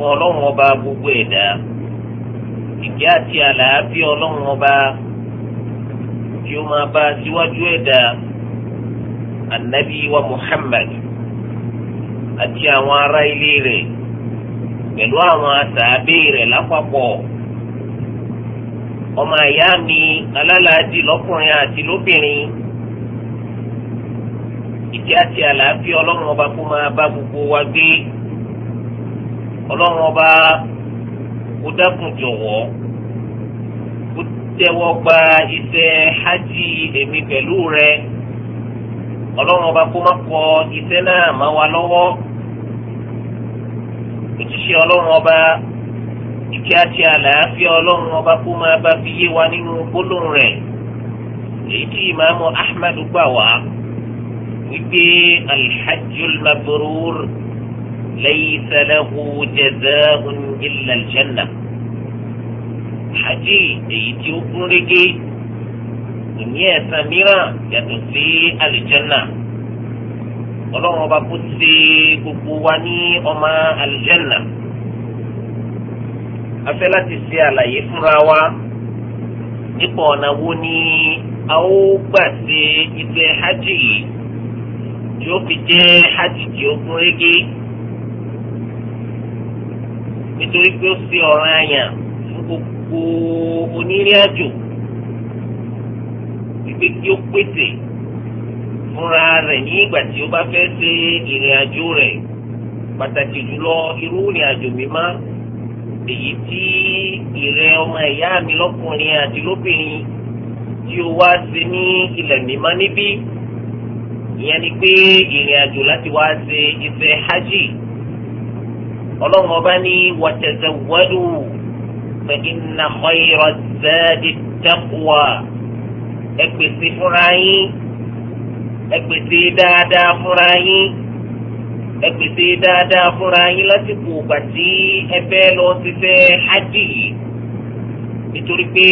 fún ọlọ́run ọba gbogbo ẹ̀dá ìkẹ́ àti àlàáfíà ọlọ́run ọba kí ó máa bá síwájú ẹ̀dá anabi wa muhammad àti àwọn ará ilé rẹ̀ pẹ̀lú àwọn àtàbí rẹ̀ lápapọ̀ ọmọ àyá mi alálàájì lọ́kùnrin àti lóbìnrin ìkẹ́ àti àlàáfíà ọlọ́run ọba kó máa bá gbogbo wa gbé ọlọ́run ọba kó dákun jọ̀wọ́ kó tẹ́wọ́ gba iṣẹ́ hajj èmi pẹ̀lú rẹ ọlọ́run ọba kó má kọ iṣẹ́ náà má wa lọ́wọ́ òṣìṣẹ́ ọlọ́run ọba ìkí àti àlàáfíà ọlọ́run ọba kó máa bá fi yé wa nínú gbólóhùn rẹ̀ èyí tí ìmáàmù ahmed gbà wá wípé alhajjul mabrur. ليس له جزاء إلا الجنة hajj èyí tí ó kún régé kò ní ẹ̀san mìíràn yàtọ̀ sí alìjẹ́nà ọlọ́run ọba kó ṣe gbogbo wa ní ọmọ alìjẹ́nà a fẹ́ láti ṣe àlàyé fúnra wa nípa ọ̀nà wo ni a ó gbà ṣe iṣẹ́ hajj yìí tí ó fi jẹ́ hajj tí ó kún régé nítorí pé ó ṣe ọ̀ràn àyàn fún gbogbo onírìn àjò wípé kí ó pèsè fúnra rẹ̀ ní ìgbà tí ó bá fẹ́ ṣe ìrìn àjò rẹ̀ pàtàkì jùlọ irú ìrìn àjò mímá èyí tí ìrẹ́ ọmọ ìyá mi lọ́kùnrin àti lóbìnrin tí ó wá ṣe ní ilẹ̀ mímá níbí ìyẹn ni pé ìrìn àjò láti wá ṣe iṣẹ́ hajj ọlọ́run ọba ní watazawwadu fa inna khayra zadi taqwa ẹ pèsè fúnra yín ẹ pèsè dáadáa fúnra yín ẹ pèsè dáadáa fúnra yín lásìkò gbàtí ẹ fẹ́ lọ sí fẹ́ hajj nítorí pé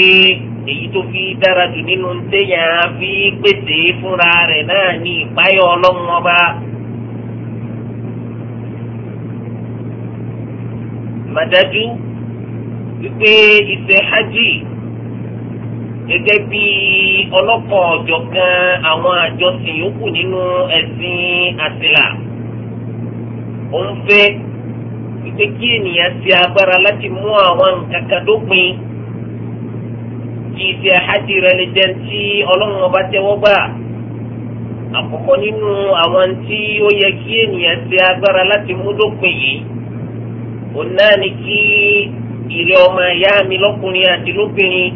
èyí tó fi dára jù nínú téèyàn fi pèsè fúnra rẹ̀ náà ní ìpáyọ̀ ọlọ́run ọba. mà dájú wípé iṣẹ́ hajj gẹ́gẹ́ bí ọlọ́kan ọ̀jọ̀kan àwọn àjọsìn yòókù nínú ẹ̀sìn àṣìlá ó ń fẹ́ wípé kí ènìyàn ṣe agbára láti mú àwọn nǹkan kan dópin kí iṣẹ́ hajj rẹ lè jẹ́ tí ọlọ́run ọba tẹ́wọ́ gbà àkọ́kọ́ nínú àwọn tí ó yẹ kí ènìyàn ṣe agbára láti mú dópin yìí òun náà ni kí ilé ọmọ ẹ̀yà mi lọ́kùnrin àti lóbìnrin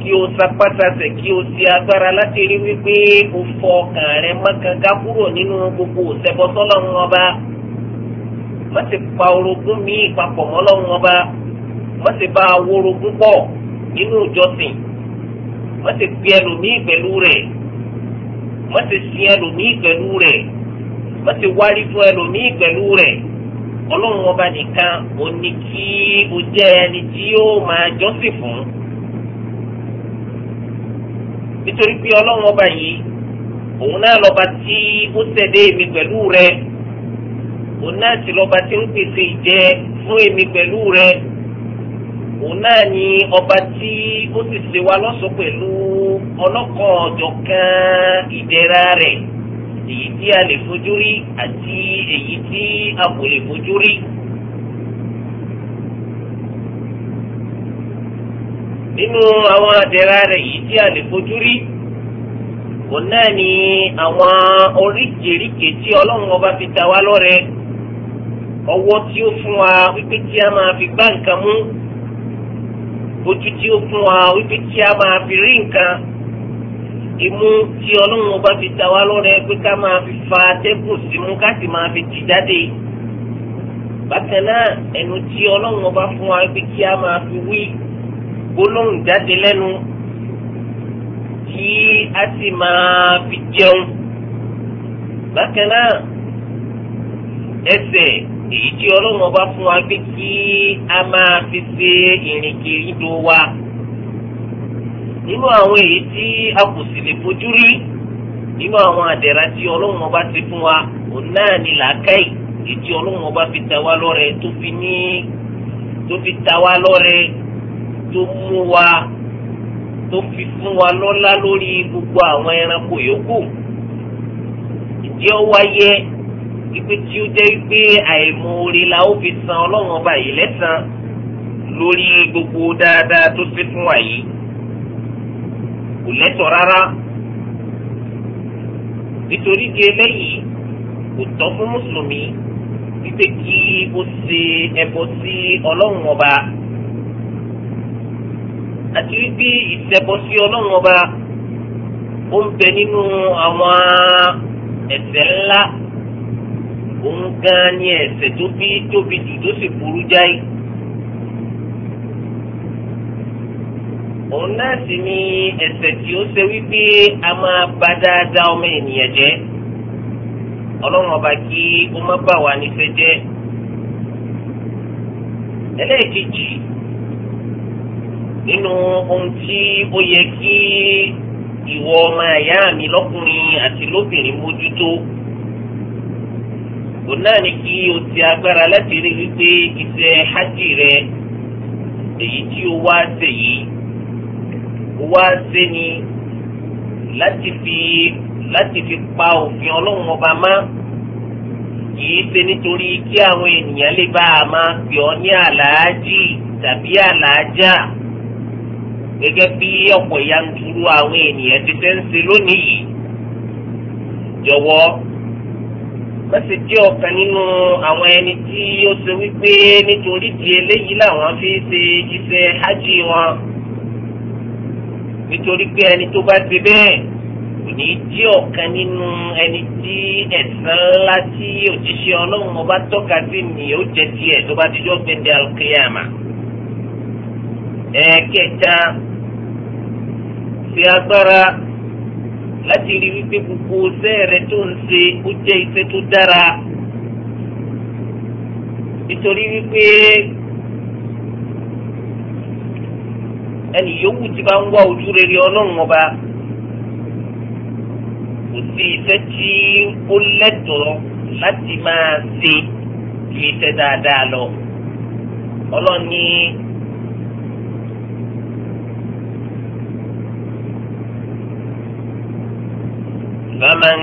kí o sapátasẹ̀ kí o ṣe agbára láti rí wípé o fọ ọkàn rẹ mọ́kànká kúrò nínú gbogbo òṣèbọ sọ́lọ́run ọba má ti pa orogún míì papọ̀ mọ́ Ọlọ́run ọba má ti bá aworogún pọ̀ nínú ìjọsìn má ti pe ẹlòmíì pẹ̀lú rẹ̀ má sin ẹlòmíì pẹ̀lú rẹ̀ má wárí fún ẹlòmíì pẹ̀lú rẹ̀ ọlọ́run ọba nìkan ò ní kí o jẹ́ ẹni tí ó máa jọ́sìn fún nítorí pé ọlọ́run ọba yìí òun náà lọ́ba tí ó ṣẹ̀dá èmi pẹ̀lú rẹ òun náà sì lọ́ba tí ń pèsè ìjẹ fún èmi pẹ̀lú rẹ òun náà ni ọba tí ó sì ṣe wa lọ́ṣọ̀ọ́ pẹ̀lú ọlọ́kan ọ̀jọ̀kan ìdẹ̀ra rẹ̀ èyí tí a lè fojú rí àti èyí tí a kò lè fojú rí. nínú àwọn àdẹ̀rà rẹ̀ yìí tí a lè fojú rí kò náà ni àwọn oríkèéríkèé tí ọlọ́run ọba fi ta wá lọ́rẹ ọwọ́ tí ó fún wa wípé tí a máa fi gbá nǹkan mú ojú tí ó fún wa wípé tí a máa fi rí nǹkan ìmú tí ọlọ́run bá fi ta wá lọ́rẹ́ pé ká máa fa atẹ́gùn símú ká sì máa fi tì jáde bákan náà ẹnu tí ọlọ́run bá fún wa pé kí a máa fi wí gbólóhùn jáde lẹ́nu kí a sì máa fi jẹun bákan náà ẹsẹ̀ èyí tí ọlọ́run bá fún wa pé kí a máa fi ṣe ìrìnkèrindò wa nínú àwọn èyí tí a kò sì lè fojú rí nínú àwọn àdẹ̀rà tí ọlọ́run ọba ti fún wa òun náà ni làákàyè èyí tí ọlọ́run ọba fi ta wá lọ́rẹ tó fi ní tó fi ta wá lọ́rẹ tó mú wa tó fi fún wa lọ́lá lórí gbogbo àwọn ẹranko yòókù ìdí ọwọ́ ayẹ ipe tí ó jẹ́ pé àìmoore la ó fi san ọlọ́run ọba yìí lẹ́san lórí gbogbo dáadáa tó ṣe fún wa yìí kò lẹ́tọ̀ rárá nítorí di eléyìí kò tọ́ fún mùsùlùmí wípé kí ó ṣe ẹbọ sí ọlọ́run ọba àti wípé ìṣẹbọ sí ọlọ́run ọba ó ń bẹ nínú àwọn ẹ̀ṣẹ̀ ńlá òun gan ni ẹ̀ṣẹ̀ tó tóbi jù tó sì burú jáì. òun náà sì ni ẹ̀ṣẹ̀ tí ó ṣe wípé a máa bà dáadáa ọmọ ènìyàn jẹ́ ọlọ́run ọba kí ó má bà wá nífẹ̀ẹ́ jẹ́ ẹlẹ́ẹ̀kejì nínú ohun tí ó yẹ kí ìwọ ọmọ ẹ̀yà mi lọ́kùnrin àti lóbìnrin mójútó òun náà ni kí o ti agbára láti rí wípé iṣẹ́ hajj rẹ èyí tí o wá ṣe wá ṣe ni láti fi láti fi pa òfin ọlọ́run ọba mọ́ kìí ṣe nítorí kí àwọn ènìyàn lè bá a máa pè ọ́ ní àlàájì tàbí àlàájá gẹ́gẹ́ bí ọ̀pọ̀ yanturu àwọn ènìyàn ti fẹ́ ń ṣe lónìí yìí jọ̀wọ́ mẹ́sì jẹ́ ọ̀kan nínú àwọn ẹni tí ó ṣe wípé nítorí ti eléyìí làwọn fi ṣe iṣẹ́ hajj wọn nítorí pé ẹni tó bá ṣe bẹ́ẹ̀ kò ní jẹ́ ọ̀kan nínú ẹni tí ẹ̀san ńlá tí òjíṣẹ́ ọlọ́run ọba tọ́ka sí ni ó jẹ tiẹ̀ tó bá ti jọ́ gbẹ̀dẹ̀ alùkìyàmà. ẹ̀ẹ́kẹta ṣe agbára láti rí wípé gbogbo iṣẹ́ rẹ tó ń ṣe ó jẹ́ iṣẹ́ tó dára nítorí wípé. ẹni yòówù tí bá ń wá ojú rere ọlọ́run ọba kò sí iṣẹ́ tí ó lẹ́tọ̀ọ́ láti máa ṣe ju iṣẹ́ dáadáa lọ ọlọ́ni. فمن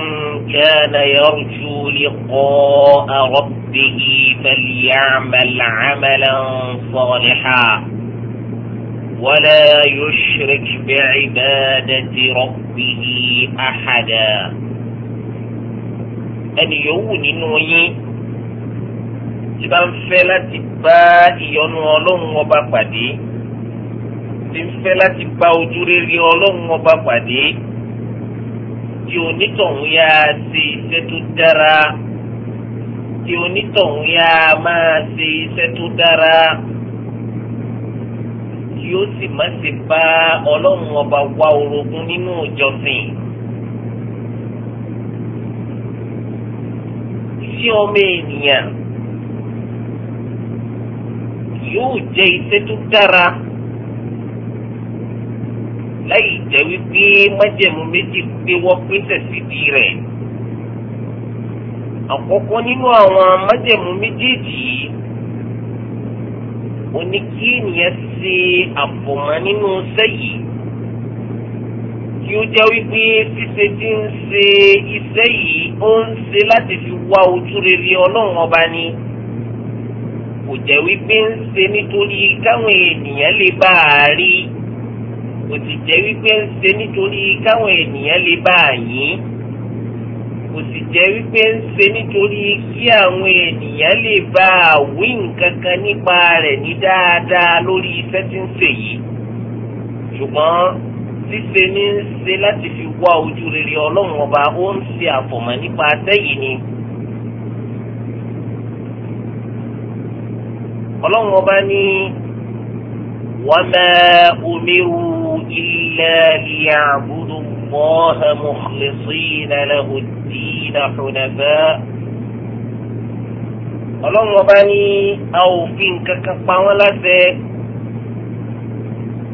كان يرجو لقاء ربه فليعمل عملا صالحا ولا يشرك بعبادة ربه أحدا ẹni yòówù nínú yín tí bá ń fẹ́ láti bá ìyọ́nú ọlọ́run ọba pàdé tí ń fẹ́ láti bá ojú rere ọlọ́run ọba pàdé tí onítọ̀hún yá ṣe iṣẹ́ tó dára tí onítọ̀hún yá máa ṣe iṣẹ́ tó dára tí ó sì má ṣe bá ọlọ́run ọba wa orogún nínú ìjọsìn. tí ọmọ ènìyàn yóò jẹ́ iṣẹ́ tó dára láì jẹ́ wípé májẹ̀mú méjì pé wọ́n pèsè síbi rẹ̀. àkọ́kọ́ nínú àwọn májẹ̀mú méjèèjì yìí òní kí ènìyàn ṣe àfòmọ́ nínú sẹ́yìí kí ó jẹ́ wípé ṣíṣe tí ń ṣe iṣẹ́ yìí ó ń ṣe láti fi wá ojú rere ọlọ́run ọba ni kò jẹ́ wípé ń ṣe nítorí káwọn ènìyàn lè bá a rí kò sì jẹ́ wípé ń ṣe nítorí káwọn ènìyàn lè bá a yìn kò sì jẹ́ wípé ń ṣe nítorí kí àwọn ènìyàn lè bá àwí nǹkan kan nípa rẹ̀ ní dáadáa lórí iṣẹ́ tí ń ṣe yìí ṣùgbọ́n ṣíṣe ní ń ṣe láti fi wá ojú rere ọlọ́run ọba ó ń ṣe àfọ̀mọ́ nípa àtẹ́yìn ni. ọlọ́run ọba ní wama umiru illa liya'budu. الله مخلصين له الدين حنفاء ọlọ́run ọba ní a ò fi nǹkan kan pa wọ́n láṣẹ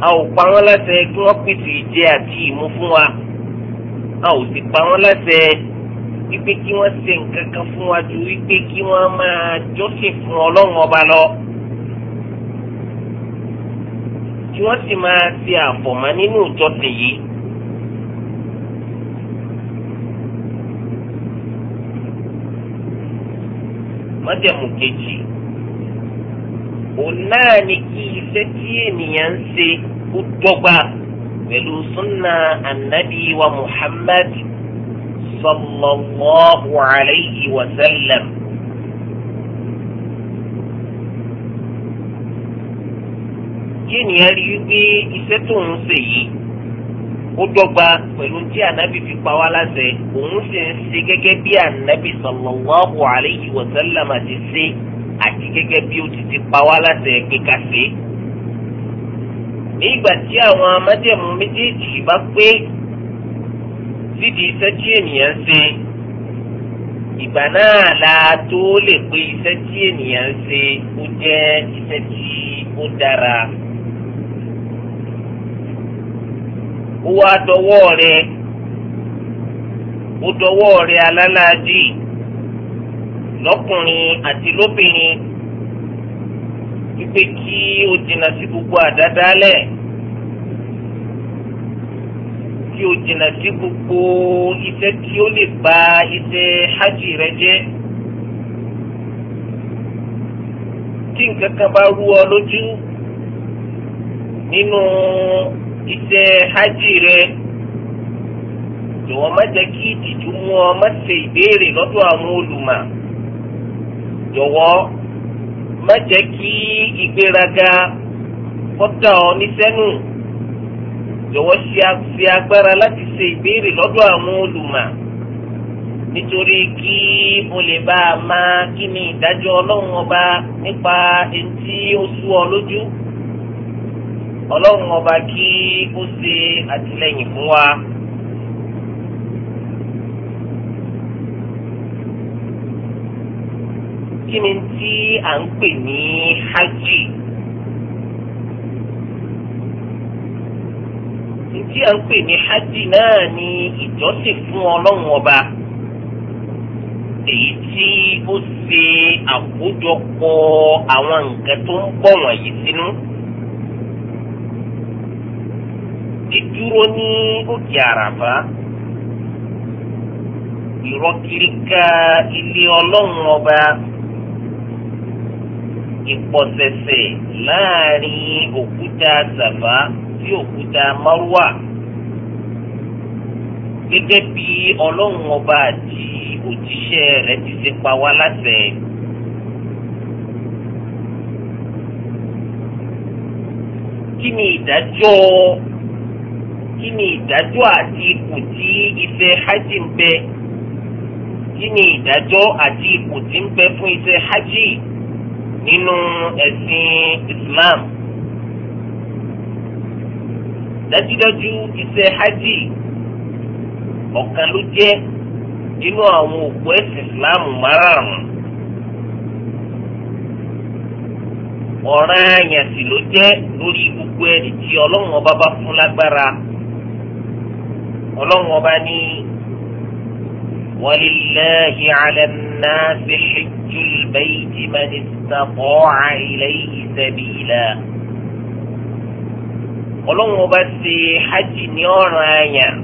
a ò pa wọ́n láṣẹ kí wọ́n pèsè ìjẹ àti ìmú fún wa a ò sì pa wọ́n láṣẹ wípé kí wọ́n ṣe nǹkan kan fún wa ju wípé kí wọ́n máa jọ́sìn fún ọlọ́run ọba lọ. kí wọ́n sì máa ṣe àfọ̀mọ́ nínú ìjọsìn yìí. májẹ̀mú kejì òun náà ni kí iṣẹ́ tí ènìyàn ń ṣe kó dọ́gba pẹ̀lú súnà ànábì wa Muhammad sallallahu alayhi wa sallam. kí ènìyàn rí i pé iṣẹ́ tó ń ṣe yìí ó dọ́gba pẹ̀lú tí ànábì fi pa wá láṣẹ òun sì ń ṣe gẹ́gẹ́ bí ànábì sallallahu alayhi wa sallam ti ṣe àti gẹ́gẹ́ bí ó ti ti pa wá láṣẹ pé ṣe. ní ìgbà tí àwọn amájẹ̀mú méjèèjì bá pé sídìí iṣẹ́ tí ènìyàn ṣe ìgbà náà la tó lè pé iṣẹ́ tí ènìyàn ṣe ó jẹ́ iṣẹ́ tí ó dára. ó wá dọwọ́ rẹ ó dọwọ́ rẹ alálàájì lọ́kùnrin àti lóbìnrin wípé kí o jìnnà sí gbogbo àdádálẹ̀ kí o jìnnà sí gbogbo iṣẹ́ tí ó lè ba iṣẹ́ hajj rẹ jẹ́. tí nǹkan kan bá rú ọ lójú nínú. No iṣẹ́ hajj rẹ jọ̀wọ́ má jẹ́ kí ìtìjú mú ọ má ṣe ìbéèrè lọ́dọ̀ àwọn olùmọ̀ jọ̀wọ́ má jẹ́ kí ìgbéraga kọ́tà ọ níṣẹ́nu jọ̀wọ́ ṣe agbára láti ṣe ìbéèrè lọ́dọ̀ àwọn olùmọ̀ nítorí kí mo lè bá a máa kí ni ìdájọ́ ọlọ́run ọba nípa ẹni tí ó sú ọ lójú. ọlọ́run ọba kí ó ṣe àtìlẹ́yìn fún wa. kí ni tí à ń pè ní hajj? tí à ń pè ní hajj náà ni ìjọsìn fún ọlọ́run ọba èyí tí ó ṣe àkójọpọ̀ àwọn nǹkan tó ń bọ̀ wọ̀nyí sínú. Si dúró ní òkè àràbá ìrọ́kìríkà ilé ọlọ́run ọba ìpọ̀sẹ̀sẹ̀ láàrin òkúta sàfà sí òkúta márùwà gẹ́gẹ́ bí ọlọ́run ọba àti òjíṣẹ́ rẹ̀ ti ṣe pa wá láṣẹ. kí ni ìdájọ́ kí ni ìdájọ́ àti ipò tí iṣẹ́ hajj ń bẹ kí ni ìdájọ́ àti ipò tí ń bẹ fún iṣẹ́ hajj nínú ẹ̀sìn Islam dájúdájú iṣẹ́ hajj ọ̀kan ló jẹ́ nínú àwọn òpó ẹ̀sìn Islam márààrún ọ̀ranyàn sì ló jẹ́ lórí gbogbo ẹni tí ọlọ́run ọba bá fún lágbára ọlọ́run ọba ní walillahi ala nnasi hijjul bayti man istata'a ilayhi sabila. ọlọ́run ọba ṣe hajj ní ọ̀ràn àyàn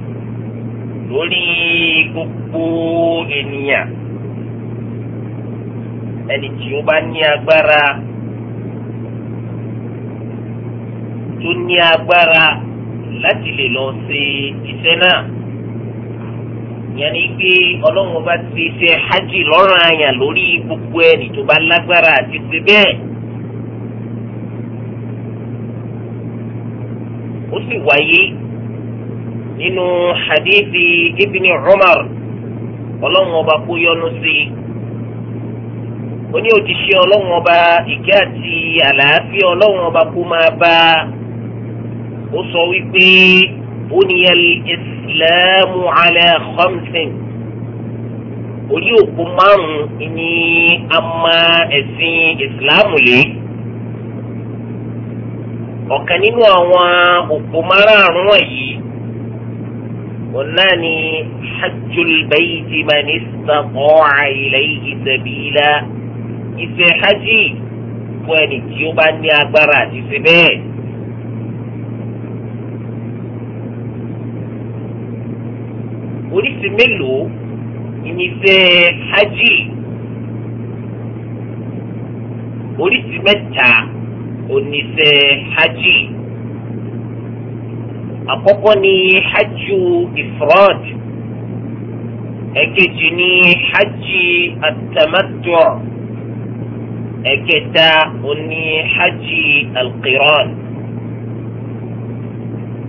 lórí gbogbo ènìyàn ẹni tí ó bá ní agbára tó ní agbára láti lè lọ ṣe iṣẹ́ náà yẹn ni pé ọlọ́run bá ti ṣe hajj lọ́rùn àyàn lórí gbogbo ẹni tó bá lágbára àti pé bẹ́ẹ̀. ó sì wáyé nínú hadithi ibn Umar ọlọ́run ọba kó yọ́nú sí i ó ní òjíṣẹ́ ọlọ́run ọba ìkẹ́ àti àlàáfíà ọlọ́run ọba kó máa bá a ó sọ wípé buniyal islamu ala khamsin orí òpó márùn-ún ni a máa ẹ̀sìn ìsìláàmù lé ọ̀kan nínú àwọn òpó márùn-ún wọ̀nyí ọ̀nà ni hajjul bayti man istata'a ilayhi sabila ìṣe hajj fún ẹni tí ó bá ní agbára àti ṣe oríṣi mélòó ìníṣẹ́ hajj oríṣi mẹ́ta oníṣẹ́ hajj àkọ́kọ́ ni hajju ifrad èkejì ni hajji atamattu ẹ̀kẹta oní hajji alqiran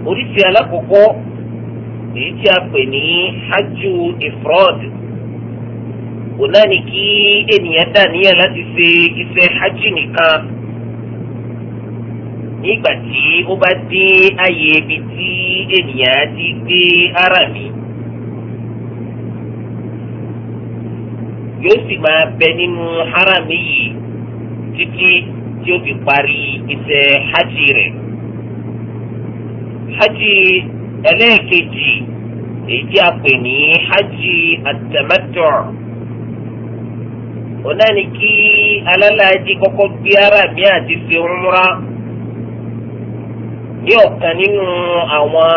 oríṣi alákọ̀ọ́kọ́ èyí tí a pè ní hajju ifrod kò náà ní kí ènìyàn dá níyàn láti ṣe iṣẹ́ hajj nìkan nígbà tí ó bá dé ààyè ibi tí ènìyàn ti gbé ara mi yóò sì máa bẹ nínú ara mi yìí títí tí ó fi parí iṣẹ́ hajj rẹ̀ hajj. ẹlẹ́ẹ̀kejì èyí tí a pè ní hajj at-tamattu ọ̀nà ni kí alálàájì kọ́kọ́ gbé ara mi àti ṣe umra ní ọ̀kan nínú àwọn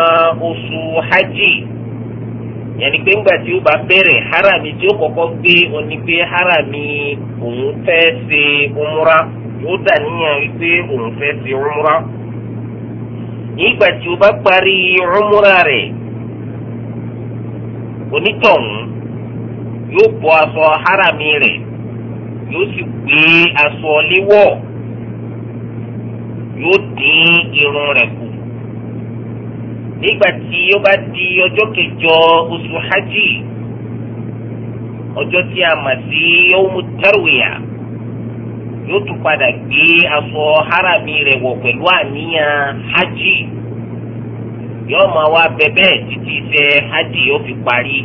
oṣù hajj yẹni pé ńgbà tí ó bá bẹ̀rẹ̀ harami tí ó kọ́kọ́ gbé mi pé harami òun fẹ́ ṣe umra yóò dà níyàn wípé òun fẹ́ nígbà tí o bá parí ọmúra rẹ̀ onítọ̀hún yóò bọ́ aṣọ harami rẹ̀ yóò sì gbé aṣọ léwọ̀ yóò dín irun rẹ̀ kù nígbà tí ó bá di ọjọ́ kẹjọ oṣù hajj ọjọ́ tí a mà sí yawmu tarwiya. yóò tún padà gbé aṣọ harami rẹ̀ wọ̀ pẹ̀lú àníyàn hajj yóò máa wá bẹbẹ títí iṣẹ́ hajj yóò fi parí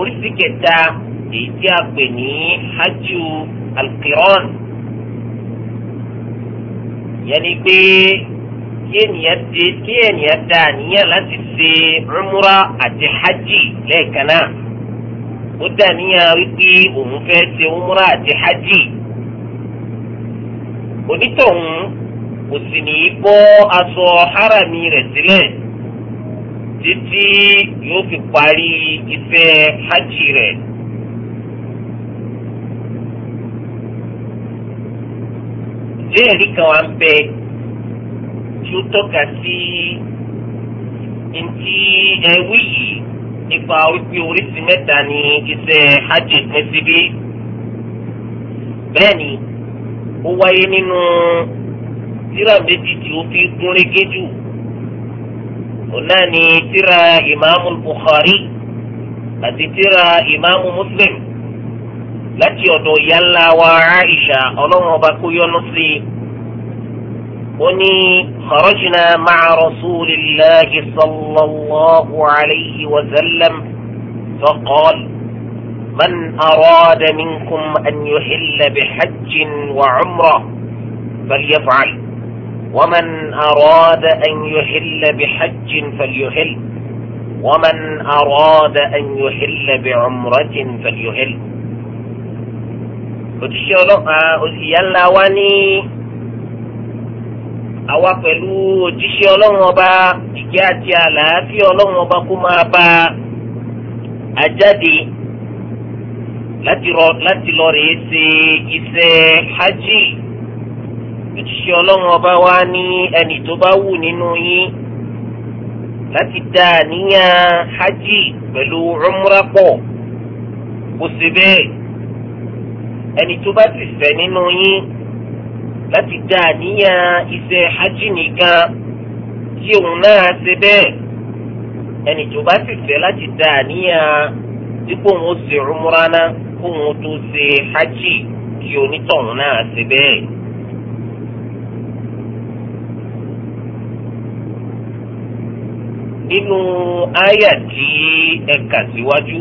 oríṣi kẹta èyí tí a pè ní hajj alqiran yẹni pé kí ènìyàn dá àníyàn láti ṣe umra àti hajj lẹ́ẹ̀kan náà. ó dà dàníyàn wípé òun fẹ́ ṣe umra àti hajj onítọ̀hún kò sì ní í bọ́ aṣọ harami rẹ̀ sílẹ̀ títí yóò fi parí iṣẹ́ hajj rẹ̀. ìbéèrè kan wà ń bẹ tí ó tọ́ka sí ntí ẹ̀wí yìí. nípa wípé oríṣi mẹ́ta ni iṣẹ́ hajj pín sí bí. bẹ́ẹ̀ ni ó wáyé nínú tírà méjì tí ó fi gún régé jù òun náà ni tírà ìmáàmù Bukhari àti tírà ìmáàmù Muslim láti ọ̀dọ̀ ìyá ńlá wa Aisha ọlọ́run ọba kó yọ́nú sí i. وني خرجنا مع رسول الله صلى الله عليه وسلم فقال من أراد منكم أن يحل بحج وعمرة فليفعل ومن أراد أن يحل بحج فليحل ومن أراد أن يحل بعمرة فليحل آه، يلا وني àwa pẹ̀lú òjíṣẹ́ ọlọ́run ọba ìjẹ́ àti àlàáfíà ọlọ́run ọba kó máa bá a jáde láti lọ rèé ṣe iṣẹ́ hajj òjíṣẹ́ ọlọ́run ọba wa ní ẹni tó bá wù nínú yín láti dá àníyàn hajj pẹ̀lú umrah pọ̀ kó ṣe bẹ́ẹ̀ ẹni tó bá sì fẹ́ nínú yín láti dá àníyàn iṣẹ́ hajj nìkan kí òun náà ṣe bẹ́ẹ̀ ẹnì tó bá sì fẹ́ láti dá àníyàn dípò òun ó ṣe umrah náà kó òun tó ṣe hajj kí onítọ̀hún náà ṣe bẹ́ẹ̀. nínú àyà tí ẹ kà síwájú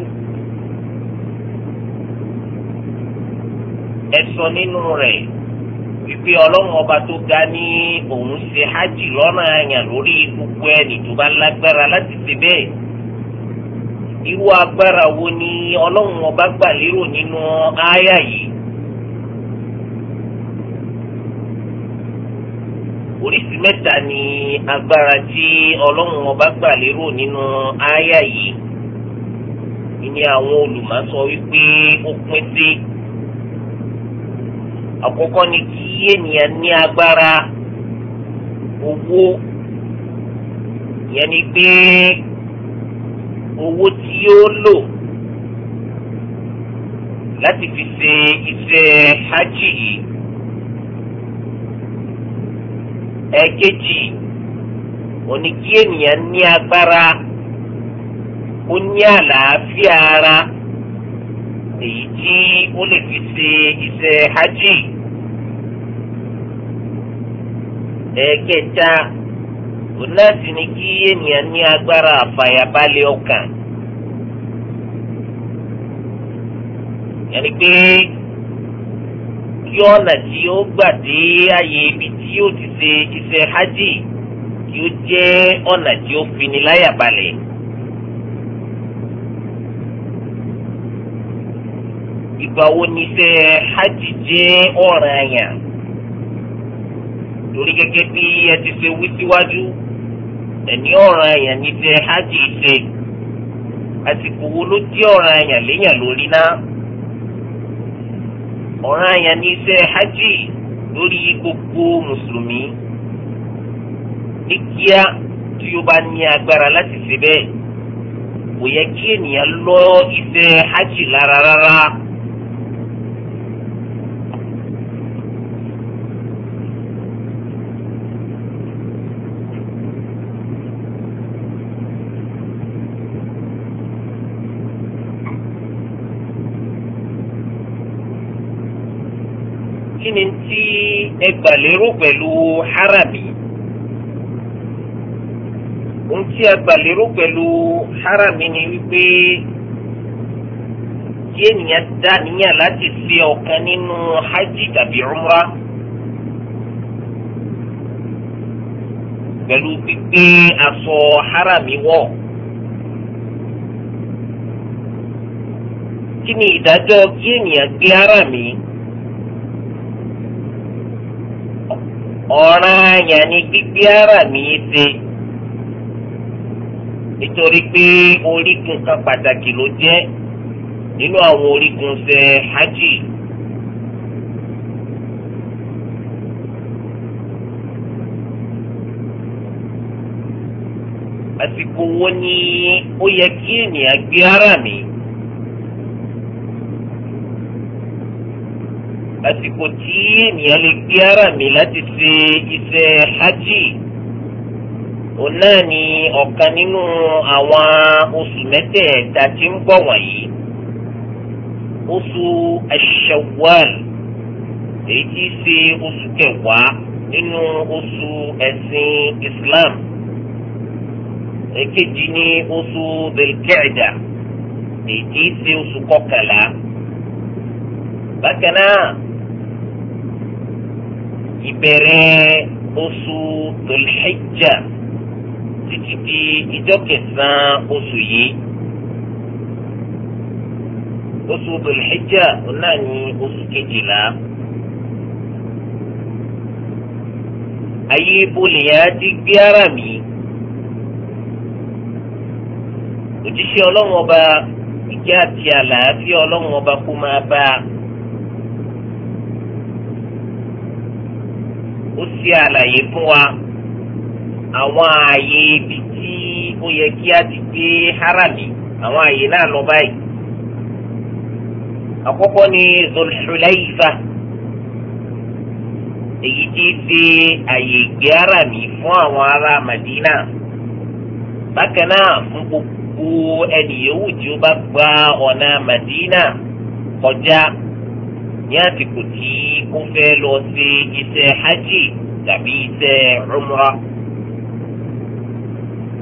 ẹ sọ nínú rẹ̀ wípé ọlọ́run ọba tó ga ní òun ṣe hajj lọ́nà àyàn lórí gbogbo ẹni tó bá lágbára láti ṣe bẹ́ẹ̀ irú agbára wo ni ọlọ́run ọba gbà lérò nínú ááyà yìí. oríṣi mẹ́ta ni agbára tí ọlọ́run ọba gbà lérò nínú ááyà yìí. ìní àwọn olùmọ̀ sọ wípé ó pín sí àkọ́kọ́ ni kí ènìyàn ní agbára owó yẹn ni pé owó tí yóò lò láti fi ṣe iṣẹ́ hajj yìí ẹ̀ẹ̀kejì òní ènìyàn ní agbára ó ní àlàáfíà ara èyí tí ó lè fi ṣe iṣẹ́ hajj. ẹ̀ẹ́kẹta òun náà sì ni kí ènìyàn ní agbára àfàyàbalẹ̀ ọkàn. yẹnni pé kí ọ̀nà tí ó gbà dé àyè ibi tí ó ti ṣe iṣẹ́ hajj kí ó jẹ́ ọ̀nà tí ó fini láyàbalẹ̀. ìgbà ni ṣe hajj jẹ́ ọ̀ranyàn torí gẹ́gẹ́ bí ẹ ti ṣe wí síwájú ẹ̀ní ọ̀ranyàn ni ṣe hajj ṣe àsìkò wo ló jẹ́ ọ̀ranyàn léyàn lórí náà ọ̀ranyàn ni ṣe hajj lórí gbogbo mùsùlùmí ní kíá tí ó bá ní agbára láti ṣe bẹ́ẹ̀ kò yẹ kí ènìyàn lọ iṣẹ́ hajj lára rárá. ẹgbàlérò pẹ̀lú harami ohun tí ẹgbàlérò pẹ̀lú harami ni wípé tí ènìyàn dá níyàn láti ṣe ọ̀kan nínú hajj tàbí umra pẹ̀lú gbígbé aṣọ harami wọ̀. kí ni ìdájọ́ kí ènìyàn gbé harami? ọ̀ràn àyàn ni gbígbé ara mi ṣe nítorí pé orígun kan pàtàkì ló jẹ́ nínú àwọn orígun ṣe hajj. àsìkò wo ni ó yẹ kí ènìyàn gbé ara mi. àsìkò tí ènìyàn lè gbé ara mi láti ṣe iṣẹ́ hajj òun náà ni ọ̀kan nínú àwọn oṣù mẹ́tẹ̀ẹ̀ta tí ń bọ̀ wọ̀nyí oṣù Shawwal èyí tí í ṣe oṣù kẹwàá nínú oṣù ẹ̀sìn Islam èkejì ni oṣù belkeda èyí tí í ṣe oṣù kọkànlá bákan náà ìbẹ̀rẹ̀ oṣù tòlẹ́jà títí di ìjọ kẹsàn-án oṣù yìí oṣù tòlẹ́jà náà ní oṣù kejìlá. ayé bolè yẹn á ti gbé ara mi òjíṣẹ́ ọlọ́run ọba ìjà àti àlàáfíà ọlọ́run ọba kó máa bá a. ó ṣe àlàyé fún wa àwọn ààyè ibi tí ó yẹ kí a ti gbé harami àwọn ààyè náà lọ báyìí. àkọ́kọ́ ni zulhulayfa èyí tí í ṣe ààyè ìgbé harami fún àwọn ará madina bákan náà fún gbogbo ẹnìyẹwò tí ó bá gba ọ̀nà madina kọjá ní àsìkò tí ó fẹ́ lọ sí iṣẹ́ hajj tàbí iṣẹ́ umra.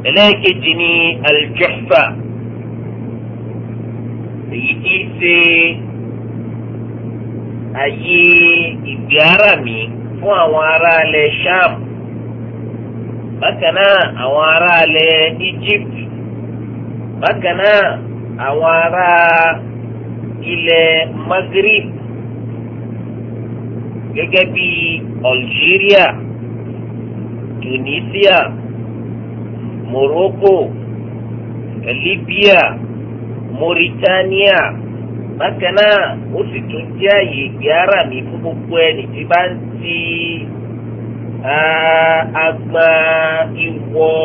ẹlẹ́ẹ̀kejì ni aljuhfa èyí tí í ṣe ayé ìgbé ara mi fún àwọn ará ilẹ̀ sham bákan náà àwọn ará ilẹ̀ egypt bákan náà àwọn ará ilẹ̀ maghrib gẹ́gẹ́ bí Algeria Tunisia Morocco Libya Mauritania bákan náà ó sì tún jẹ́ àyè ìgbéára mi fún gbogbo ẹni tí bá ń ti agba ìwọ̀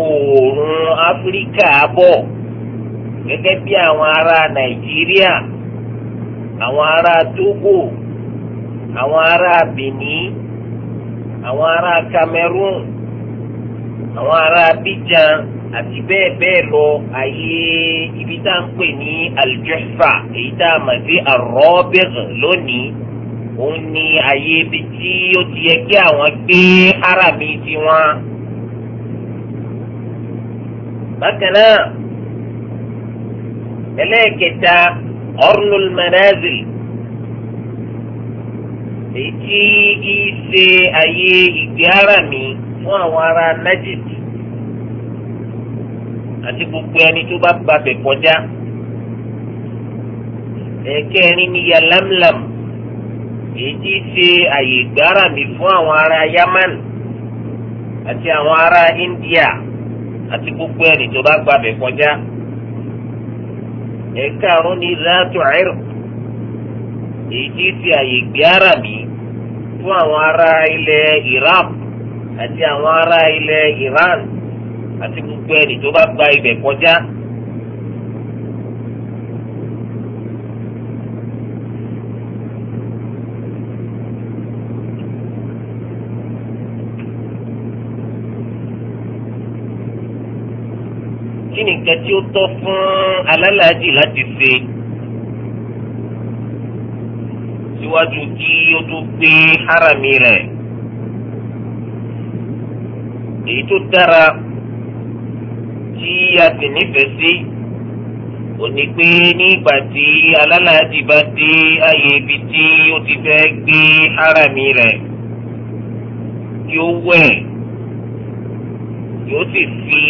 oòrùn Áfíríkà bọ̀ gẹ́gẹ́ bí àwọn ará Nàìjíríà àwọn ará Togo àwọn ará Benin àwọn ará Cameroon àwọn ará Abidjan àti bẹ́ẹ̀ bẹ́ẹ̀ lọ ayé ibi tá à ń pè ní aljuhfa èyí tá a mọ̀ sí arọ́bẹ̀rún lónìí òun ni ayé ibi tí ó ti yẹ kí àwọn gbé árabì tiwọn. bákan náà ẹlẹ́ẹ̀kẹta ọ̀rùnul manazil èyí tí í ṣe àyè ìgbé ara mi fún àwọn ará Najid àti gbogbo ẹni tó bá gbàgbé kọjá ẹ̀kẹrin ni yalamlam èyí tí í ṣe àyè ìgbé ara mi fún àwọn ará Yaman àti àwọn ará India àti gbogbo ẹni tó bá gbàgbé kọjá ẹ̀ka àrùn ni zaatu ẹrù èyí tí ti àyè gbé ara mi fún àwọn ará ilẹ̀ Iraq àti àwọn ará ilẹ̀ Iran àti gbogbo ẹni tó bá gba ibẹ̀ kọjá. kí ni nǹkan tí ó tọ́ fún alálàájì láti ṣe? síwájú kí ó tó gbé harami rẹ̀ èyí tó dára tí a sì nífẹ̀ẹ́ sí òní pé ní ìgbà tí alálàájì bá dé ààyè ibi tí ó ti fẹ́ gbé harami rẹ̀ kí ó wẹ̀ yóò sì fi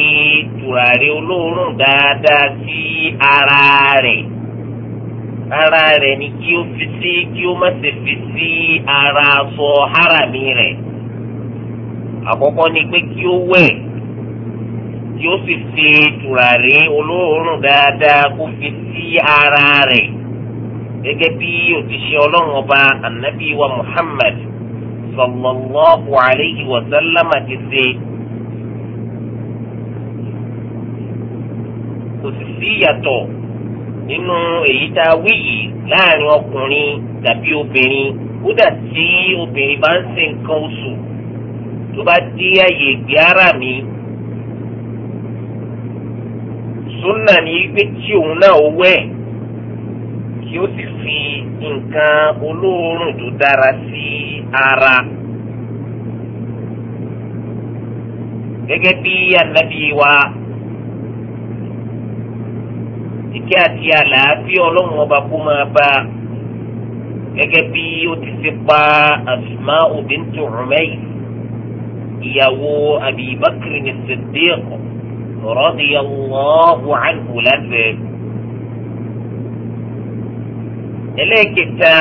tùràrí olóòórùn dáadáa sí ara rẹ̀. ara rẹ̀ ni kí o fi sí kí o má ṣe fi sí ara aṣọ harami rẹ̀ àkọ́kọ́ ni pé kí o wẹ̀ kí o sì fi tùràrí olóòórùn dáadáa kó fi sí ara bi gẹ́gẹ́ bí òtíṣẹ́ ọlọ́run ọba anabiwa wa muhammad sallallahu alayhi wa sallam ti ṣe. kò sì sí ìyàtọ̀ nínú èyí tá a wí yìí láàrin ọkùnrin tàbí obìnrin kódà tí obìnrin bá ń ṣe nǹkan oṣù tó bá dé àyè ìgbé ara mi súnà ní pé tí òun náà ó wẹ̀ kí ó sì fi nǹkan olóòórùn tó dára sí ara. gẹ́gẹ́ bí anabi wa ìkẹ́ àti àlàáfíà ọlọ́run ọba kó máa bá a gẹ́gẹ́ bí ó ti fi pa Asma'u bintu Umayr ìyàwó Abi Bakr as-Siddiq radiyallahu anhu lábẹ́. ẹlẹ́ẹ̀kẹta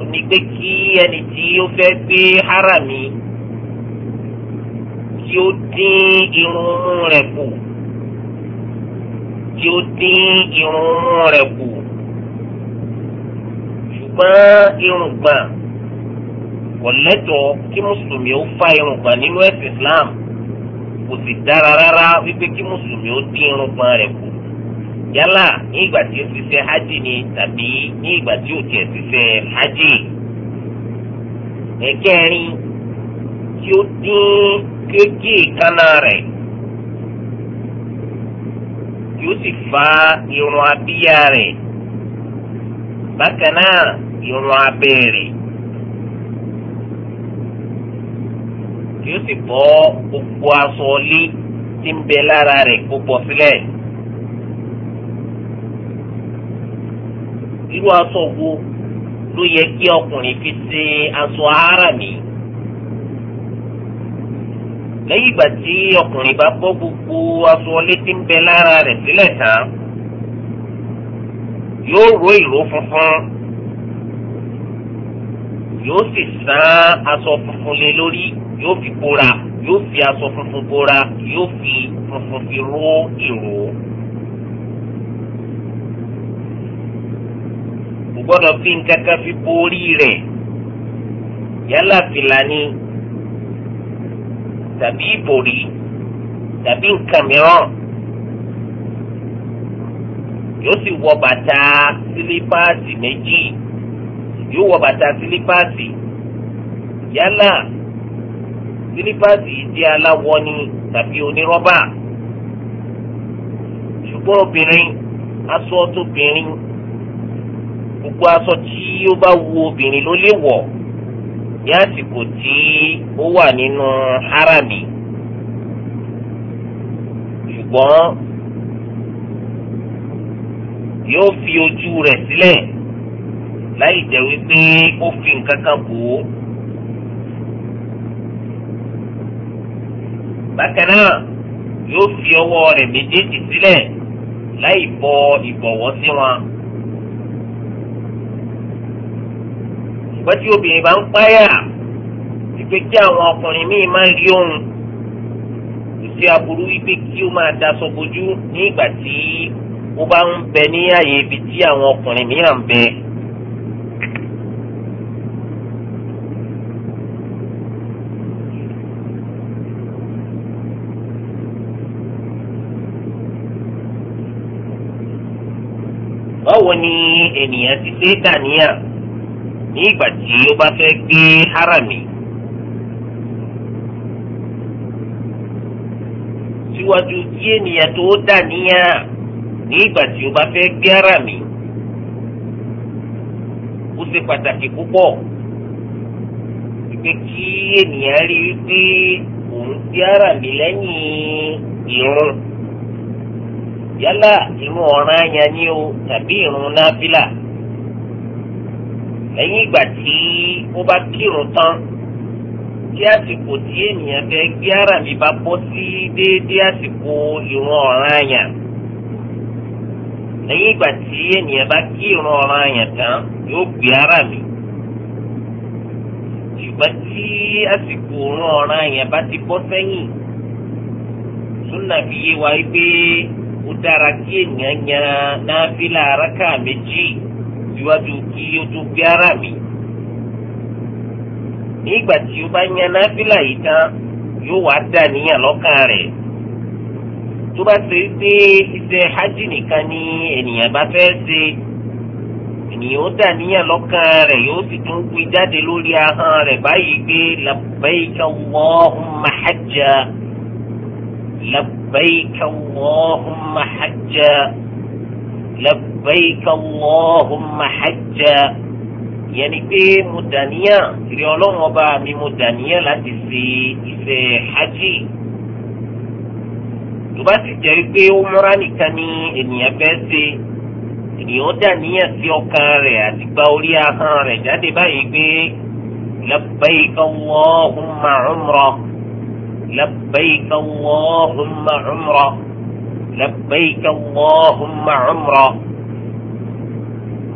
òní pé kí ẹni tí ó fẹ́ gbé harami kí ó dín irun rẹ̀ kù tí ó dín irun rẹ̀ kù ṣùgbọ́n irùngbọ̀n kò lẹ́tọ̀ọ́ kí mùsùlùmí ó fa irùngbọ̀n nínú ẹ̀sìn Islam kò sì dára rárá wípé kí mùsùlùmí ó dín irùngbọ̀n rẹ̀ kù yálà ní ìgbà tí ó ti ṣe hajj ni tàbí ní ìgbà tí ó tiẹ̀ ti ṣe hajj. ẹ̀kẹ́rin tí ó dín kéékèèkánná rẹ̀ yóò sì fa irun abíyá rẹ̀ bákan náà irun abẹ́ rẹ̀ yóò sì bọ́ gbogbo aṣọ ọlé tí ń bẹ lára rẹ̀ gbogbo sílẹ̀. irú aṣọ wo ló yẹ kí ọkùnrin fi ṣe aṣọ ara mi lẹ́yìn ìgbà tí ọkùnrin bá bọ́ gbogbo aṣọ létí ń bẹ lára rẹ̀ sílẹ̀ tán yóò ró ìró funfun yóò sì sán aṣọ funfun lé lórí yóò fi bóra yóò fi aṣọ funfun bóra yóò fi funfun fi ró ìró. kò gbọ́dọ̀ fi nǹkan kan fi bo rẹ̀ yálà fìlà ni tàbí ìbòrí tàbí nǹkan mìíràn yóò sì wọ bàtà sílípáàsì méjì yóò wọ bàtà sílípáàsì yálà sílípáàsì jẹ́ aláwọ̀ ni tàbí onírọ́bà ṣùgbọ́n obìnrin aṣọ tóbìnrin gbogbo aṣọ tí ó bá wu obìnrin ló lè wọ̀ ní àsìkò tí ó wà nínú harami ṣùgbọ́n yóò fi ojú rẹ̀ sílẹ̀ láì jẹ́ wípé ó fi nǹkan kan bò ó. bákan náà yóò fi ọwọ́ rẹ̀ méjèèjì sílẹ̀ láì bọ ìbọ̀wọ́ sí wọn. Si wọ́n tí obìnrin bá ń páyà wípé kí àwọn ọkùnrin míì máa rí òun ṣe aburú wípé kí ó máa daṣọ bojú ní ìgbà tí ó bá ń bẹ ní àyè ibi tí àwọn ọkùnrin mìíràn ń bẹ. báwo ni ènìyàn ti ṣe é dàníyàn ní ìgbà tí ó bá fẹ́ gbé harami síwájú kí ènìyàn tó dà níyàn ní ìgbà tí ó bá fẹ́ gbé harami ó ṣe pàtàkì púpọ̀ pé kí ènìyàn rí i pé òun gbé harami lẹ́yìn ìrun yálà ìrun ọ̀ranyàn ni o tàbí ìrun náfìlà. lẹ́yìn ìgbà tí ó bá kírun tán tí àsìkò tí ènìyàn fẹ́ gbé ara mi bá bọ́ sí déédéé àsìkò ìrun ọ̀ràn àyàn lẹ́yìn ìgbà tí ènìyàn bá kí ìrun ọ̀ràn àyàn tán yóò gbé ara mi ṣùgbọ́n tí àsìkò ìrun ọ̀ràn àyàn bá ti bọ́ sẹ́yìn súnà fi yé wa wípé ó dára kí ènìyàn yan náà fi ká síwájú kí ó tó gbé ara mi nígbà tí ó bá yan náfìlà yìí tán yóò wá dá níyàn lọ́kàn rẹ̀ tó bá ṣe pé iṣẹ́ hajj nìkan ni ènìyàn bá fẹ́ ṣe ènìyàn ó dá níyàn lọ́kàn rẹ̀ yóò sì tún gbé jáde lórí ahọ́n rẹ̀ báyìí pé labbaika Allahumma hajja labbaika Allahumma hajja labbaik Allahumma hajja yẹni pé mo dàníyàn ìrẹ ọlọ́run ọba mi mo dàníyàn láti ṣe iṣẹ́ hajj tó bá ti jẹ́ pé umrah nìkan ni ènìyàn fẹ́ ṣe ènìyàn dàníyàn sí ọkàn rẹ̀ àti gba orí ahọ́n rẹ̀ jáde báyìí pé labbaik Allahumma umrah labbaik labbaik Allahumma umra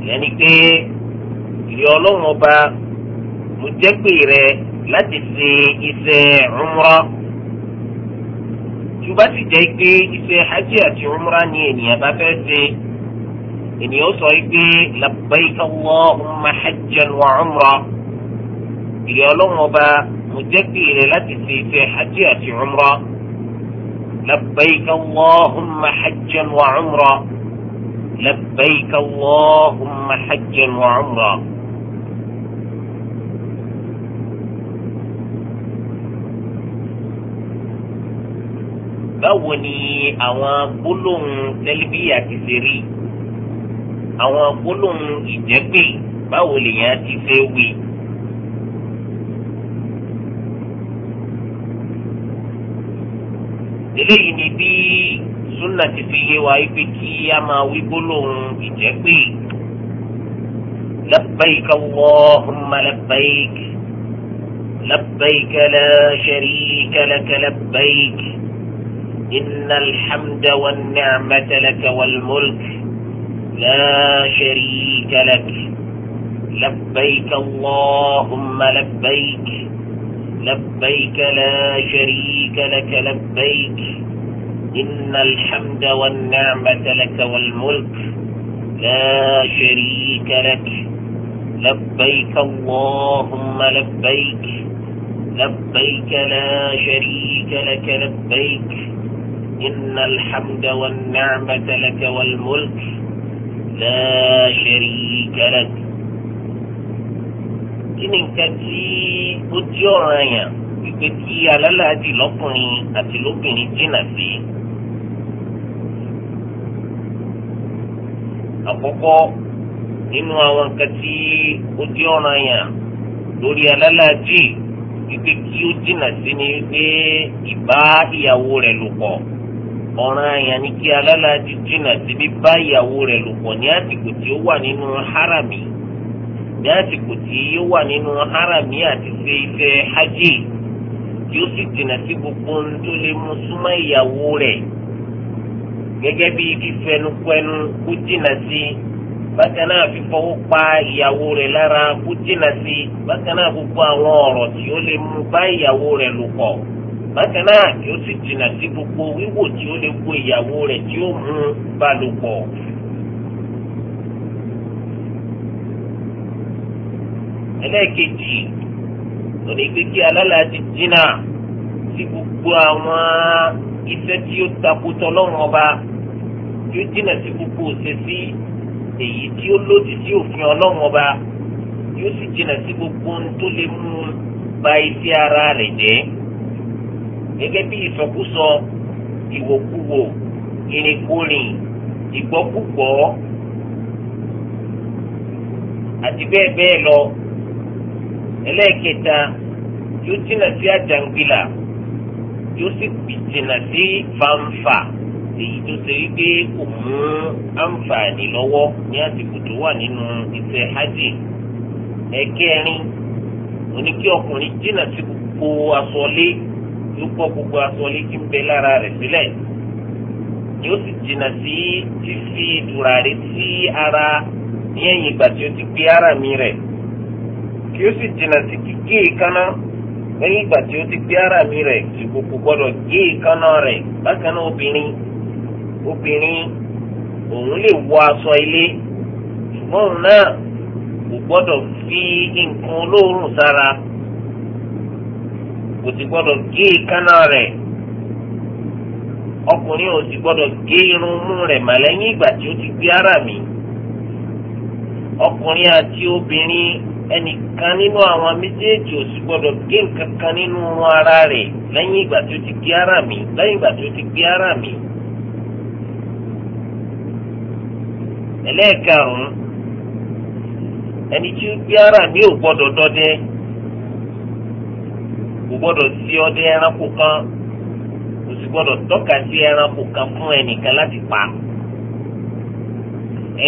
yẹn ni pé ìyọ ọlọ́run ọba mo jẹ́ pé rẹ láti ṣe iṣẹ́ umra tí o bá sì jẹ́ pé iṣẹ́ hajj àti umra ni ènìyàn bá fẹ́ ṣe ènìyàn sọ pé labbaik Allahumma hajjan wa umra ìyọ ọlọ́run ọba rẹ láti ṣe iṣẹ́ hajj àti umra. لبيك اللهم حجا وعمرا لبيك اللهم حجا وعمرا báwo ni àwọn gbólóhùn tẹlifíà ti ṣe rí àwọn gbólóhùn ìjẹ́pè báwo lèèyàn ti ṣe wí. eléyìí ni bí súnà ti fi yé wa ibi pé kí a máa wí gbólóhùn ìjẹ́pè labbaik Allahumma labbaik labbaik la sharika laka labbaik innal hamda wan ni'mata laka wal mulk la sharika lak labbaik Allahumma labbaik. لبيك لا شريك لك لبيك إن الحمد والنعمة لك والملك لا شريك لك لبيك اللهم لبيك لبيك لا شريك لك لبيك إن الحمد والنعمة لك والملك لا شريك لك kí ni nǹkan tí ó jẹ́ ọ̀ràn yàn wípé kí alálàájì lọ́kùnrin àti lóbìnrin jìnnà sí. àkọ́kọ́ nínú àwọn nǹkan tí ó jẹ́ ọ̀ràn yàn lórí alálàájì wípé kí ó jìnnà sí ni wípé ìbá ìyàwó rẹ̀ lò pọ̀ ọ̀ràn àyàn ni kí alálàájì jìnnà sí bíbá ìyàwó rẹ̀ lò pọ̀ ní àsìkò tí ó wà nínú háràmì ní àsìkò tí yóò wà nínú harami àti ṣe iṣẹ́ hajj tí ó sì dènà sí gbogbo ohun tó lè mú súnmọ́ ìyàwó rẹ̀ gẹ́gẹ́ bí fífẹnukẹnu kó dènà sí bákan náà fífọwọ́ pa ìyàwó rẹ̀ lára kó dènà sí bákan náà gbogbo àwọn ọ̀rọ̀ tí ó lè mú bá ìyàwó rẹ̀ lò pọ̀ bákan náà tí sì dènà sí gbogbo wíwò tí ó lè wo ìyàwó rẹ̀ tí ó mú bá lò pọ̀. ẹlẹ́ẹ̀kejì òní pé kí alálàájì jìnnà sí gbogbo àwọn iṣẹ́ tí ó takò tọ́lọ́run ọba tí ó jìnnà sí gbogbo òṣèṣì èyí tí ó lòdì sí òfin ọlọ́run ọba yóò sì jìnnà sí gbogbo ohun tó lè mú un bà iṣẹ́ ara rẹ̀ jẹ́ gẹ́gẹ́ bí ìsọkúsọ ìwòkuwò ìrìnkúrìn ìgbọ́kúgbọ́ àti bẹ́ẹ̀ bẹ́ẹ̀ lọ. ẹlẹ́ẹ̀kẹta yóò jìnnà sí àjàngbìlà yóò sì jìnnà sí fanfa èyí tó ṣe wípé kò mú àǹfààní lọ́wọ́ ní àsìkò tó wà nínú iṣẹ́ hajj ẹ̀kẹrin òní kí ọkùnrin jìnnà sí gbogbo aṣọlé yóò kọ́ gbogbo aṣọlé kí ń bẹ lára rẹ̀ sílẹ̀ yóò sì jìnnà sí fífi sí ara ní ẹ̀yìn ìgbà tí ó ti gbé ara mi rẹ̀. kí ó sì jìnnà sí gígé èékánná lẹ́yìn ìgbà tí ó ti gbé ara mi rẹ̀ ṣùgbọ́n kò gbọ́dọ̀ gé èékánná rẹ̀ bákan náà obìnrin obìnrin òun wọ aṣọ ilé ṣùgbọ́n òun náà kò gbọ́dọ̀ fi nǹkan olóòórùn sára kò sì gbọ́dọ̀ gé èékánná rẹ̀ ọkùnrin ò sì gbọ́dọ̀ gé irun mú rẹ̀ mà lẹ́yìn ti gbé ara mi ọkùnrin àti obìnrin. ẹnìkan nínú àwọn méjèèjì ò sì gbọdọ̀ gé nǹkan kan nínú ara rẹ̀ lẹ́yìn ìgbà tó ti gé ara mi lẹ́yìn ìgbà tó ti gé ara mi. ẹlẹ́ẹ̀karùn-ún ẹni tí ó gbé ara mi ò gbọdọ̀ dọdẹ kò gbọdọ̀ sí ọdẹ ẹranko kan kò sì gbọdọ̀ tọ́ka sí ẹranko kan fún ẹnìkan láti pa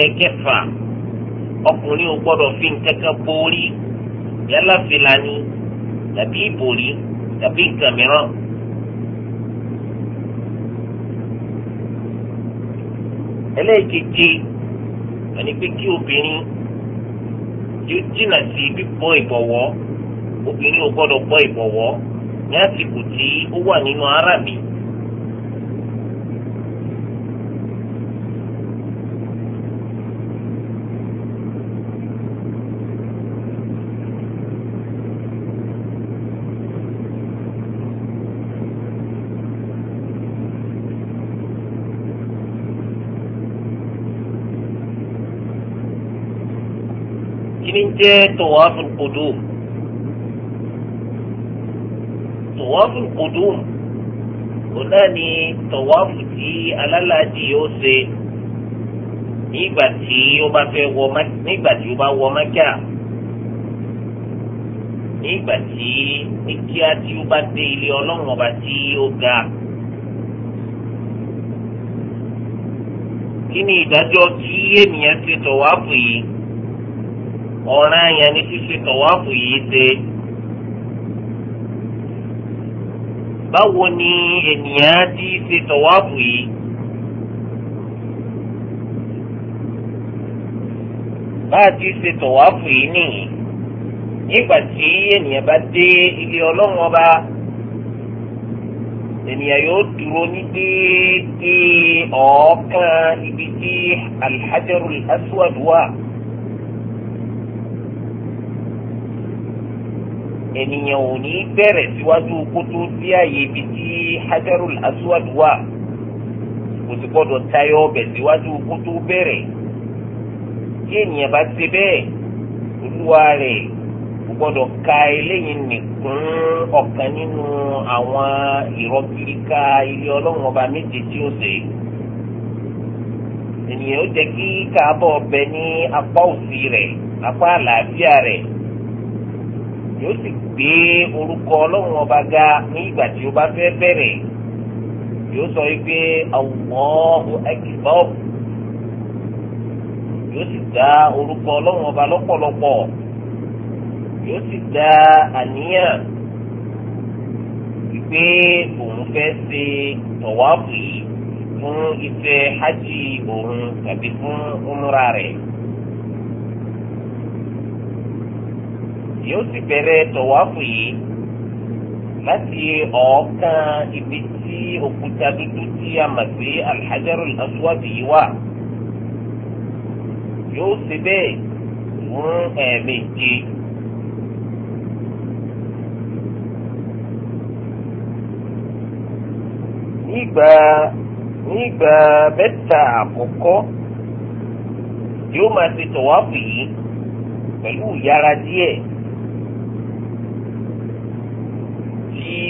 ẹ̀kẹfà. E ọkùnrin ò gbọ́dọ̀ fi nǹkan kan borí yálà filani, ni tàbí ìbòrí tàbí nǹkan mìíràn. ẹlẹ́ẹ̀keje ẹni pé kí obìnrin tí ó jìnnà sí bíbọ́ ìbọ̀wọ́ obìnrin ò gbọ́dọ̀ bọ́ ìbọ̀wọ́ ní àsìkò tí ó wà nínú arábì. jẹ́ tọ̀wáfù kùdùm tọ̀wáfù kùdùm kò náà ni tọ̀wáfù tí alálàájì yóò ṣe nígbà tí ó bá fẹ́ wọ nígbà tí ó bá wọ Mẹ́kà nígbà tí ní kíá tí ó bá dé ilé ọlọ́run ọba tí ó ga. kí ni ìdájọ́ kí ènìyàn ti tọ̀wáfù yìí? ọ̀ràn yẹn ní ṣíṣe tọ̀wáfù yìí ṣe. báwo ni ènìyàn ti ṣe tọ̀wáfù yìí. bá a ti ṣe tọ̀wáfù yìí nìyí nígbà tí ènìyàn bá dé ilé ọlọ́run ọba ènìyàn yóò dúró ní déédéé ọ̀ọ́kán ibi tí alhajarul aswad wà. Al ènìyàn ò ní bẹ̀rẹ̀ síwájú kó tó dé àyè ibi tí hajarul aswad wà kò sì gbọ́dọ̀ tayọ ọbẹ̀ síwájú kó tó bẹ̀rẹ̀ tí ènìyàn bá ṣe bẹ́ẹ̀ olúwa rẹ̀ kò gbọ́dọ̀ ka eléyìí nìkún ọ̀kan nínú àwọn ìrọ́kìríkà ilé ọlọ́run ọba méje tí ó ṣe ènìyàn ó jẹ́ kí káàbọ̀ ọbẹ̀ ní apá òsì rẹ̀ apá àlàáfíà rẹ̀ yóò sì gbé orúkọ ọlọ́run ọba ga ní ìgbà tí ó bá fẹ́ bẹ̀rẹ̀ yóò sọ wípé Allahu Akbar yóò sì dá orúkọ ọlọ́run ọba lọ́pọ̀lọpọ̀ yóò sì dá àníyàn wípé òun fẹ́ ṣe tọ̀wáàfù yìí fún iṣẹ́ hajj òun tàbí fún umra rẹ̀. yóò sì bẹ̀rẹ̀ tọ̀wáfù yìí láti ọ̀ọ́kán ibi tí òkúta dúdú tí a mọ̀ sí alhajarul aswad yìí wà yóò ṣe bẹ́ẹ̀ fún ẹ̀ẹ̀mejì. nígbà nígbà mẹ́ta àkọ́kọ́ yóò máa ṣe tọ̀wáfù yìí pẹ̀lú ìyára díẹ̀.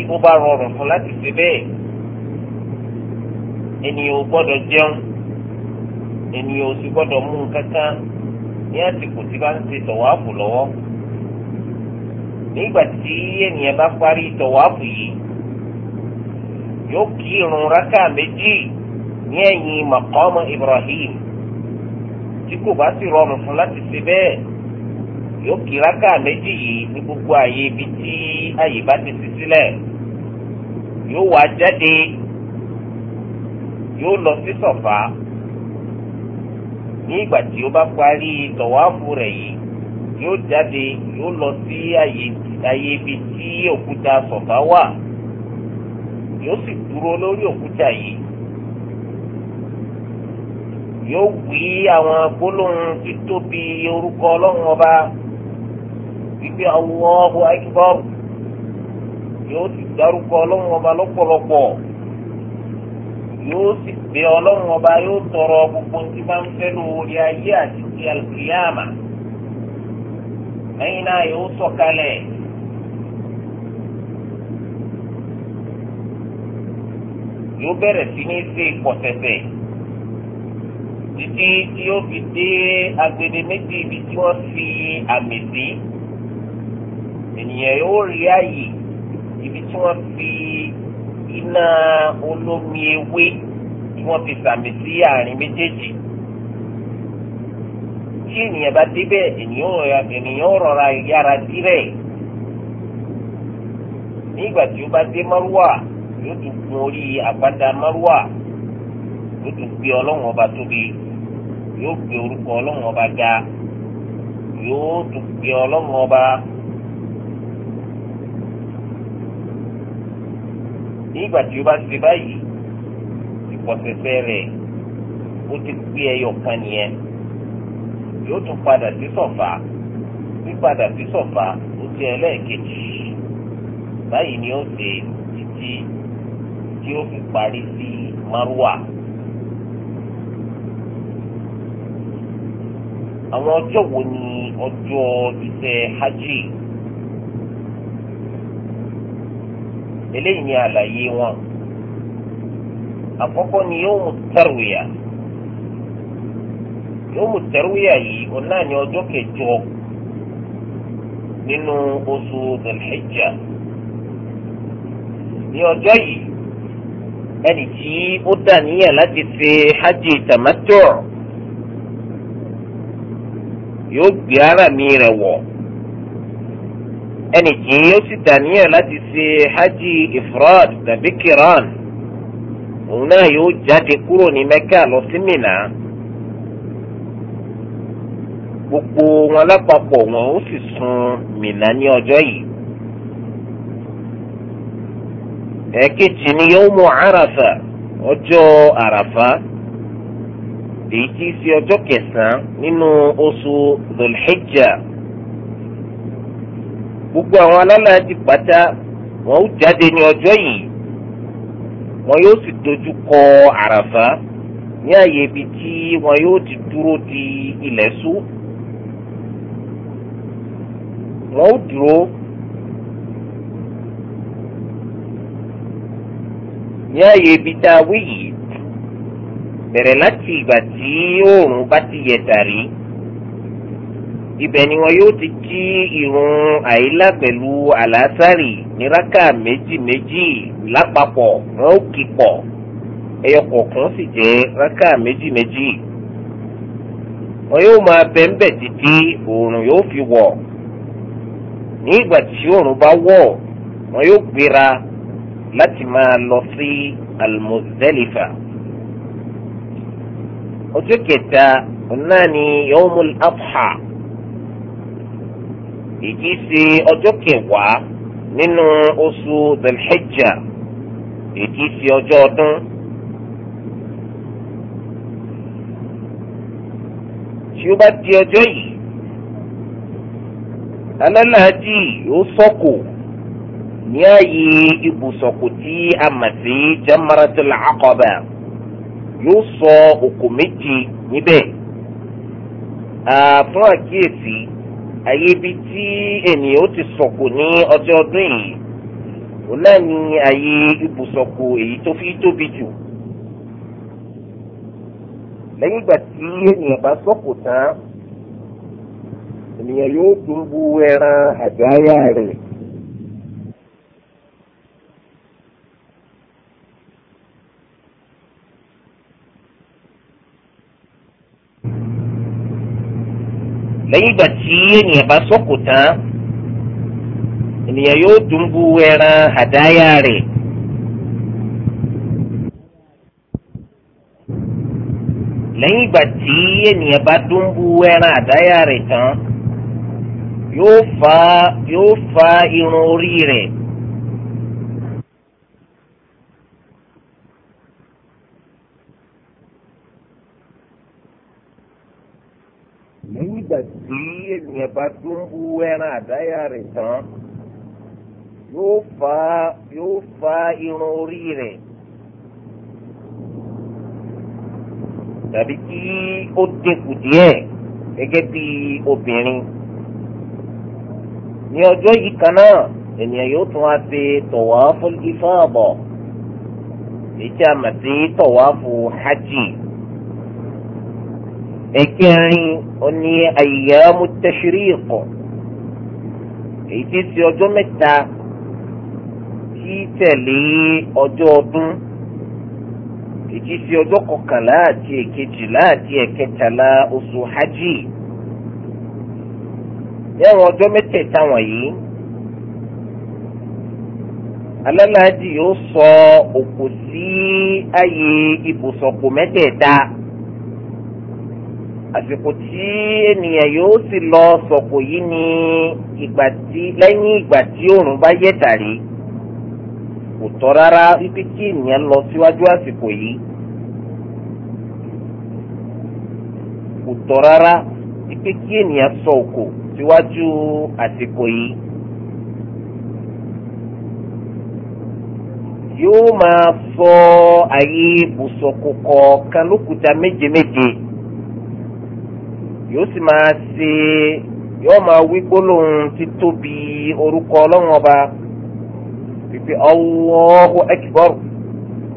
bó bá rọrùn fún láti ṣe bẹ́ẹ̀ ènìyàn ò gbọ́dọ̀ jẹun ènìyàn ò sì gbọ́dọ̀ mú nǹkan kan ní àsìkò tí bá ń ṣe tọ̀wáàfù lọ́wọ́ nígbà tí ènìyàn bá parí tọ̀wáàfù yìí yóò kí irun rákà méjì ní ẹ̀yìn màkọ́mọ́ Ibrahim tí kò bá sì rọrùn fún láti ṣe bẹ́ẹ̀ yóò kí rákà méjì yìí ní gbogbo àyè ibi yóò wá jáde yóò lọ sí sọ̀fà ní ìgbà tí ó bá parí tọ̀wáfù rẹ̀ yìí yóò jáde yóò lọ sí àyè ibi tí òkúta sọ̀fà wà yóò sì dúró lórí òkúta yìí yóò wí àwọn gbólóhùn títóbi orúkọ ọlọ́run ọba wípé Allahu Akbar yóò sì dárúkọ ọlọ́run ọba lọ́pọ̀lọpọ̀ yóò sì pé ọlọ́run ọba yóò tọrọ gbogbo tí bá ń fẹ́ lórí ayé àti ti alkiyama lẹ́yìn náà yóò sọ̀kalẹ̀. yóò bẹ̀rẹ̀ sí ní ṣe ìkọ̀sẹ̀sẹ̀ títí tí yóò fi dé agbede méjì ibi tí wọ́n fi àmì sí ènìyàn yóò rí àyè ibi tí wọ́n fi iná olómi ewé tí wọ́n fi sàmì sí àárín méjèèjì tí ènìyàn bá débẹ̀ ènìyàn rọra yára dírẹ̀ nígbà tí ó bá dé márùwà yóò tún gun orí àpáta márùwà yóò tún gbé ọlọ́run ọba tóbi yóò gbé orúkọ ọlọ́run ọba ga yóò tún gbé ọlọ́run ọba. ní ìgbà tí o bá ṣe báyìí ìpọ̀sẹ̀sẹ̀ rẹ̀ ó ti pé ẹyọ kan nìyẹn yóò tún padà sí sọ̀fà pípadà sí sọ̀fà ó ti ẹlẹ́ẹ̀kejì báyìí ni ó ṣe títí tí ó fi parí sí márùwà. àwọn ọjọ́ wo ni ọjọ́ iṣẹ́ hajj? eléyìí ni àlàyé wọn àkọ́kọ́ ni yóò mú tẹ̀rùyà yóò mú tẹ̀rùyà yìí òun náà ni ọjọ́ kẹjọ nínú oṣù Dhul-Hijjah ní ọjọ́ yìí ẹni tí ó dà níyà láti ṣe hajj tamattu yóò gbé ara mi rẹ̀ wọ̀ ẹnì tí ó sì dàníyàn láti ṣe hajj ifrad tàbí kiran òun náà yóò jáde kúrò ní mẹ́kà lọ sí mìnà gbogbo wọn lápapọ̀ wọn ó sì sun mìnà ní ọjọ́ yìí. ẹ̀kejì ni yawmu àràfà ọjọ́ àràfà èyí tí í ṣe ọjọ́ kẹsàn-án nínú oṣù zulhijjah gbogbo àwọn alálàájì pátá wọn ó jáde ní ọjọ́ yìí wọn yóò sì dojú kọ àràfá ní àyè ibi tí wọn yóò ti dúró di ilẹ̀ sú wọn ó dúró ní àyè ibi tá a wí yìí bẹ̀rẹ̀ láti ìgbà tí oòrùn bá ti yẹ̀ tàrí ibẹ̀ ni wọn yóò ti kí irun àìlá pẹ̀lú àlásàrì ní rákà méjì méjì lápapọ̀ wọn ó kì pọ̀ ẹyọ kọ̀ọ̀kan sì jẹ́ rákà méjì méjì wọn yóò máa bẹ́ńbẹ̀ títí oòrùn yóò fi wọ̀ ní ìgbà tí oòrùn bá wọ̀ wọn yóò gbéra láti máa lọ sí almuzdalifa ọjọ́ kẹta náà ni yawmul adha. ìdí ṣe ọjọ́ kẹwàá nínú oṣù delhijja èyí ṣe ọjọ́ ọdún tí ó bá di ọjọ́ yìí alálàájì yóò sọ́kò ní ààyè ibùsọ̀kò tí a mọ̀ sí jamaratul aqaba yóò sọ òkò méjì níbẹ̀ àfún àkíyèsí. àyè ibi tí ènìyàn ó ti sọ̀kò ní ọjọ́ ọdún yìí òun náà ni àyè ibùsọ̀kò èyí tó fi tóbi jù lẹ́yìn ìgbà tí ènìyàn bá sọ̀kò tán ènìyàn yóò dùn bú ẹran àdáyà rẹ̀. lẹ́yìn ìgbà tí ènìyàn bá sọ̀kò tán ènìyàn yóò dùnbù ẹran àdáyà rẹ̀. lẹ́yìn ìgbà tí ènìyàn bá dùnbù ẹran àdáyà rẹ̀ tán yóò fa irun orí rẹ̀. nígbà tí ènìyàn bá tó ń bú ẹran àdáyà rẹ̀ tán yóò fa yóò fa irun orí rẹ̀ tàbí kí ó dínkù díẹ̀ gẹ́gẹ́ bí obìnrin ní ọjọ́ yìí kan náà ènìyàn yóò tún wá ṣe tọ̀wáfù ifáàbọ̀ èyí tí a mọ̀ sí tọ̀wáfù hajj. ẹ̀kẹrin ó ní ayyamu tashriq èyí tí ti ọjọ́ mẹ́ta tí tẹ̀lé ọjọ́ ọdún èyí tí ọjọ́ kọkànlá àti èkejìlá àti ẹ̀kẹtàlá oṣù hajj yẹ́wọ̀n ọjọ́ mẹ́tẹ̀ẹ̀ta wọ̀nyí alálàájì yóò sọ òkú sí ààyè ibùsọ̀kù mẹ́tẹ̀ẹ̀ta. àsìkò tí ènìyàn yóò sì lọ sọ̀kò yìí ní ìgbà tí lẹ́yìn ìgbà tí òòrùn bá yẹ̀ tàrí kò tọ́ rárá wípé kí ènìyàn lọ síwájú àsìkò yìí kò tọ́ rárá wípé kí ènìyàn sọ òkò síwájú àsìkò yìí. yóò máa sọ àyè ibùsọ̀kò kọ̀ọ̀kan lókùúta méje méje. yóò sì máa ṣe yóò máa wí gbólóhùn títóbi orúkọ ọlọ́run ọba pípé Allahu Akbar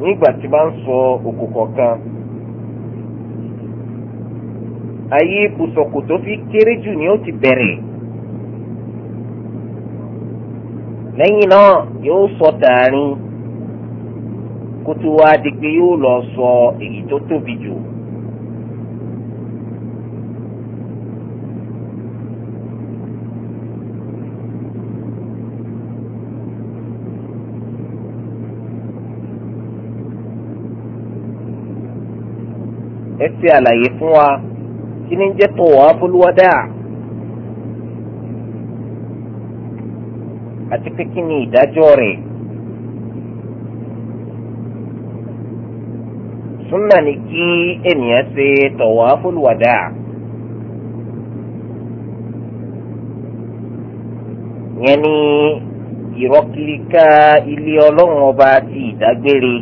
nígbà tí bá ń sọ òkò kọ̀ọ̀kan. ayé fi kéré jù ni ó ti bẹ̀rẹ̀. lẹ́yìn náà yóò sọ tààrin kó tó wá di pé yóò lọ sọ èyí ẹ ṣe àlàyé fún wa kí ni jẹ́ tawaful wadaa àti pé kí ni ìdájọ́ rẹ̀. súnà ni kí ènìyàn ṣe tawaful wadaa. yẹn ni ìrọ́kìlíkà ilé ọlọ́run ọba ti ìdágbére.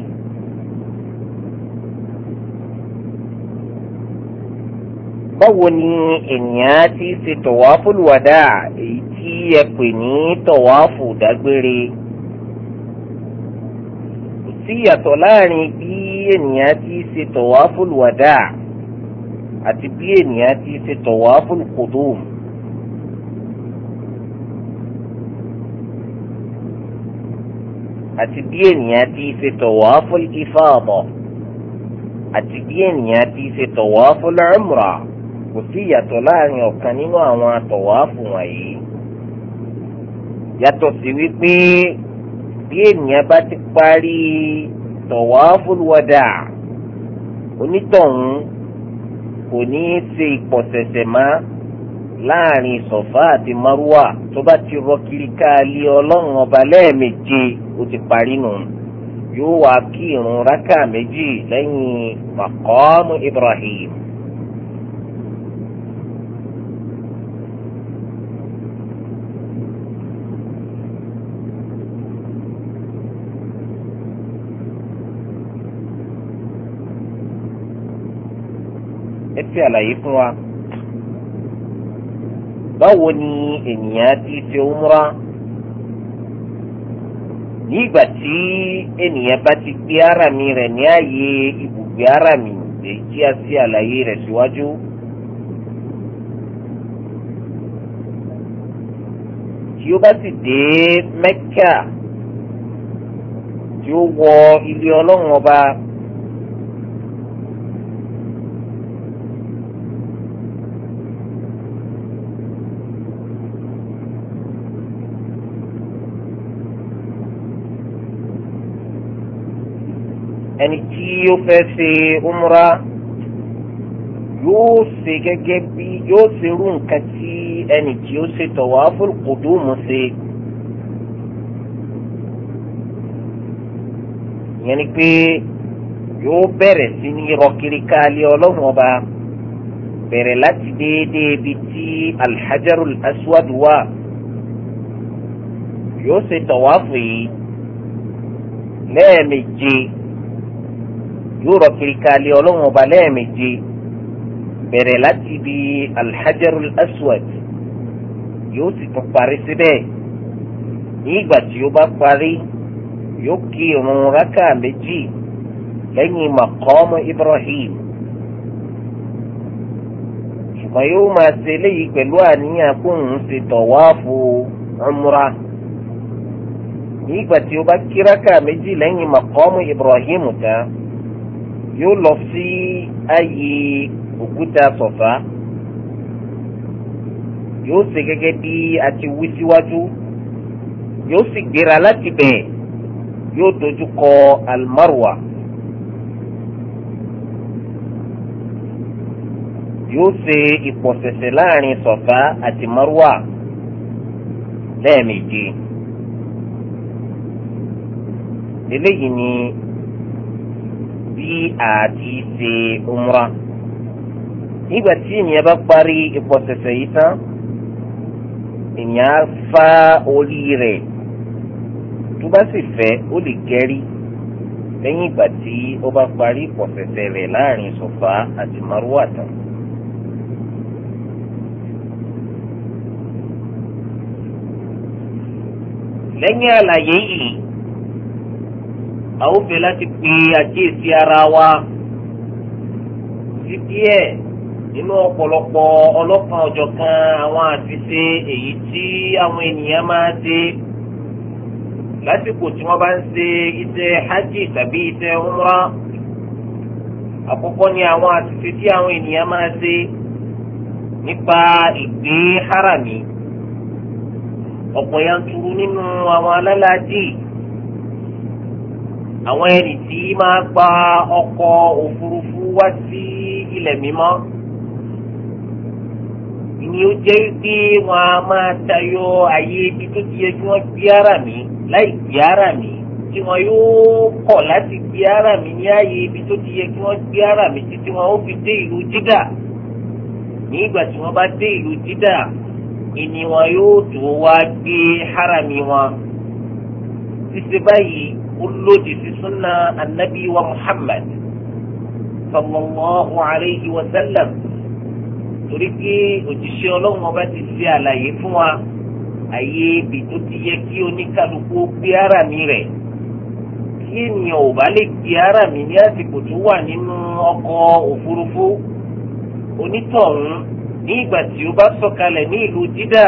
báwo ni ènìyàn ti ṣe tọ̀wáfù lùwàdà èyí tí ẹ pè ní tọ̀wáfù dágbére kò sí ìyàtọ̀ láàrin bí ènìyàn ti ṣe tọ̀wáfù àti bí ènìyàn ti ṣe tọ̀wáfù àti bí ènìyàn ti ṣe tọ̀wáfù ìfáàbọ̀ àti bí ènìyàn ti ṣe tọ̀wáfù lùmùrà kò sí ìyàtọ̀ láàrin ọ̀kan nínú àwọn àtọ̀wáàfù wọ̀nyí yàtọ̀ sí wípé bí ènìyàn bá ti parí tọ̀wáàfù wọ̀dà onítọ̀hún kò ní í ṣe ìpọ̀sẹ̀sẹ̀ mọ́ láàrin sọ̀fà àti márùwà tó bá ti rọ kiri káàlì ọlọ́run ọba lẹ́ẹ̀méje ó ti parí nù yóò wá kí irun rákà méjì lẹ́yìn màkọ́mù Ibrahim. ẹ fi àlàyé fún wa báwo ni ènìyàn ti ṣe umra ní ìgbà tí ènìyàn bá ti gbé arami rẹ̀ ní ààyè ibùgbé arami èyí tí a ṣe àlàyé rẹ̀ síwájú. tí ó bá sì dé Mẹ́kà tí ó wọ ilé ọlọ́run ọba. tí ó fẹ́ ṣe umra yóò ṣe gẹ́gẹ́ bí yóò ṣe irú nǹkan tí ẹnì tí ó ṣe tawaful qudum ṣe. ìyẹn ni pé yóò bẹ̀rẹ̀ sí ní rọ́kiri káálí ọlọ́run ọba bẹ̀rẹ̀ láti déédéé bi tí alhajarul aswad wà yóò ṣe tawafu yìí lẹ́ẹ̀mejì yóò rọ kiri kalẹ̀ ọlọ́run ọba lẹ́ẹ̀méje bẹ̀rẹ̀ láti ibi alhajarul aswad yóò sì tún parí síbẹ̀ ní ìgbà tí ó bá parí yóò kí irun rákà méjì lẹ́yìn maqam ibrahim ṣùgbọ́n yóò máa ṣe eléyìí pẹ̀lú àníyàn kó ṣe tọ̀wáàfù umra ní ìgbà tí ó bá kí rákà méjì lẹ́yìn maqam ibrahim tán yóò lọ sí ààyè òkúta sọ̀fà yóò ṣe gẹ́gẹ́ bí a ti wí síwájú yóò sì gbéra láti bẹ̀ yóò dojú kọ almarwa yóò ṣe ìpọ̀sẹ̀sẹ̀ láàrin sọ̀fà àti marwa lẹ́ẹ̀mejì eléyìí ni sí àti ṣe umra nígbà tí ènìyàn bá parí ìpọ̀sẹ̀sẹ̀ yìí tán ènìyàn á fá orí rẹ̀ tó bá sì fẹ́ ó lè gẹ́rí lẹ́yìn ìgbà tí ó bá parí ìpọ̀sẹ̀sẹ̀ rẹ̀ láàrin sọ̀fà àti márùwà tán. lẹ́yìn àlàyé yìí. àwọn fẹ́ láti pe àkíyèsí ara wa sí díẹ̀ nínú ọ̀pọ̀lọpọ̀ ọlọ́kan ọ̀jọ̀kan àwọn àṣìṣe èyí tí àwọn ènìyàn máa ṣe lásìkò tí wọ́n bá ń ṣe iṣẹ́ hajj tàbí iṣẹ́ umra àkọ́kọ́ ni àwọn àṣìṣe tí àwọn ènìyàn máa ṣe nípa ìgbé harami ọ̀pọ̀ yanturu nínú àwọn alálàájì. àwọn ẹni tí máa gba ọkọ̀ òfurufú wá sí ilẹ̀ mímọ́ ni ó jẹ́ pé wọ́n á máa tayọ àyè ibi tó ti yẹ kí wọ́n gbé ara mi láì gbé ara mi tí wọn yóò kọ̀ láti gbé ara mi ní ààyè ibi tó ti yẹ kí wọ́n gbé ara mi títí wọn ó fi dé ìlú dídà ní ìgbà tí wọ́n bá dé ìlú dídà ìní wọn yóò tó wá gbé harami wọn títí báyìí ó lòdì sí súnà anabi wa muhammad sallallahu alayhi wa sallam torí pé òjíṣẹ́ ọlọ́run ọba ti ṣe àlàyé fún wa àyè ibi tó ti yẹ kí oníkálukú gbé ara mi rẹ̀ kí ènìyàn ò bá lè gbé ara mi ní àsìkò tó wà nínú ọkọ̀ òfurufú onítọ̀hún ní ìgbà tí ó bá sọ̀kalẹ̀ ní ìlú dídà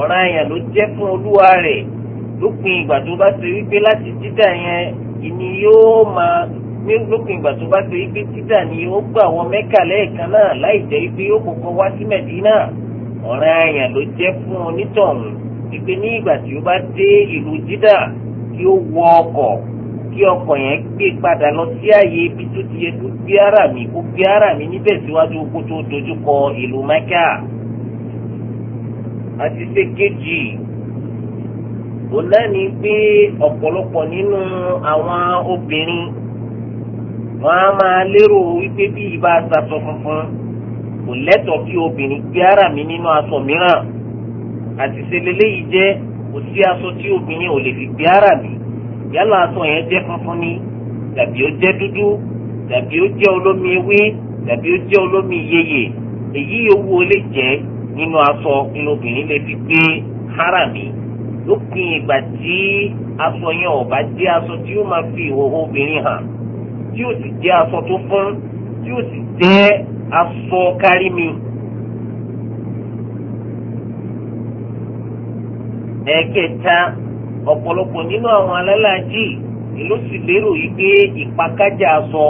ọ̀ranyàn ló jẹ́ fún olúwa rẹ̀ lópin ìgbà tó bá ṣe wípé láti dídà yẹn ìní yóò máa ní lópin ìgbà tó bá ṣe wípé dídà ni ó gbà wọn mẹ́kà lẹ́ẹ̀kan náà láì jẹ́ wípé ó kọ́kọ́ wá sí mẹ̀dínà ọ̀ràn àyàn ló jẹ́ fún onítọ̀hún wípé ní ìgbà tí ó bá dé ìlú dídà kí ó wọ ọkọ̀ kí ọkọ̀ yẹn gbé padà lọ sí ààyè ibi tó ti yẹ kó gbé ara mi kó gbé ara mi níbẹ̀ síwájú kó tó dojúkọ ìlú mẹ́kà àti ṣe kejì òun náà ni pé ọ̀pọ̀lọpọ̀ nínú àwọn obìnrin wọ́n á máa lérò wípé bí ibà aṣọ funfun kò lẹ́tọ̀ọ́ kí obìnrin gbé ara mi nínú aṣọ mìíràn àti ṣẹlẹ́lẹ́ yìí jẹ́ kò sí aṣọ tí obìnrin ò lè fi gbé ara mi yálà aṣọ yẹn jẹ́ funfun ni tàbí ó jẹ́ dúdú tàbí ó jẹ́ olómi ewé tàbí ó jẹ́ olómi yeye èyí owó lè jẹ́ nínú aṣọ inú obìnrin lè fi gbé ara mi lópin ìgbà tí aṣọ yẹn ò bá jẹ́ aṣọ tí ó máa fi ìhòòhò obìnrin hàn tí ó sì jẹ́ aṣọ tó fún tí ó sì jẹ́ aṣọ kárí mi. ẹ̀ẹ́kẹta ọ̀pọ̀lọpọ̀ nínú àwọn alálàájì ìlú sì lérò yìí pé ìpakájà aṣọ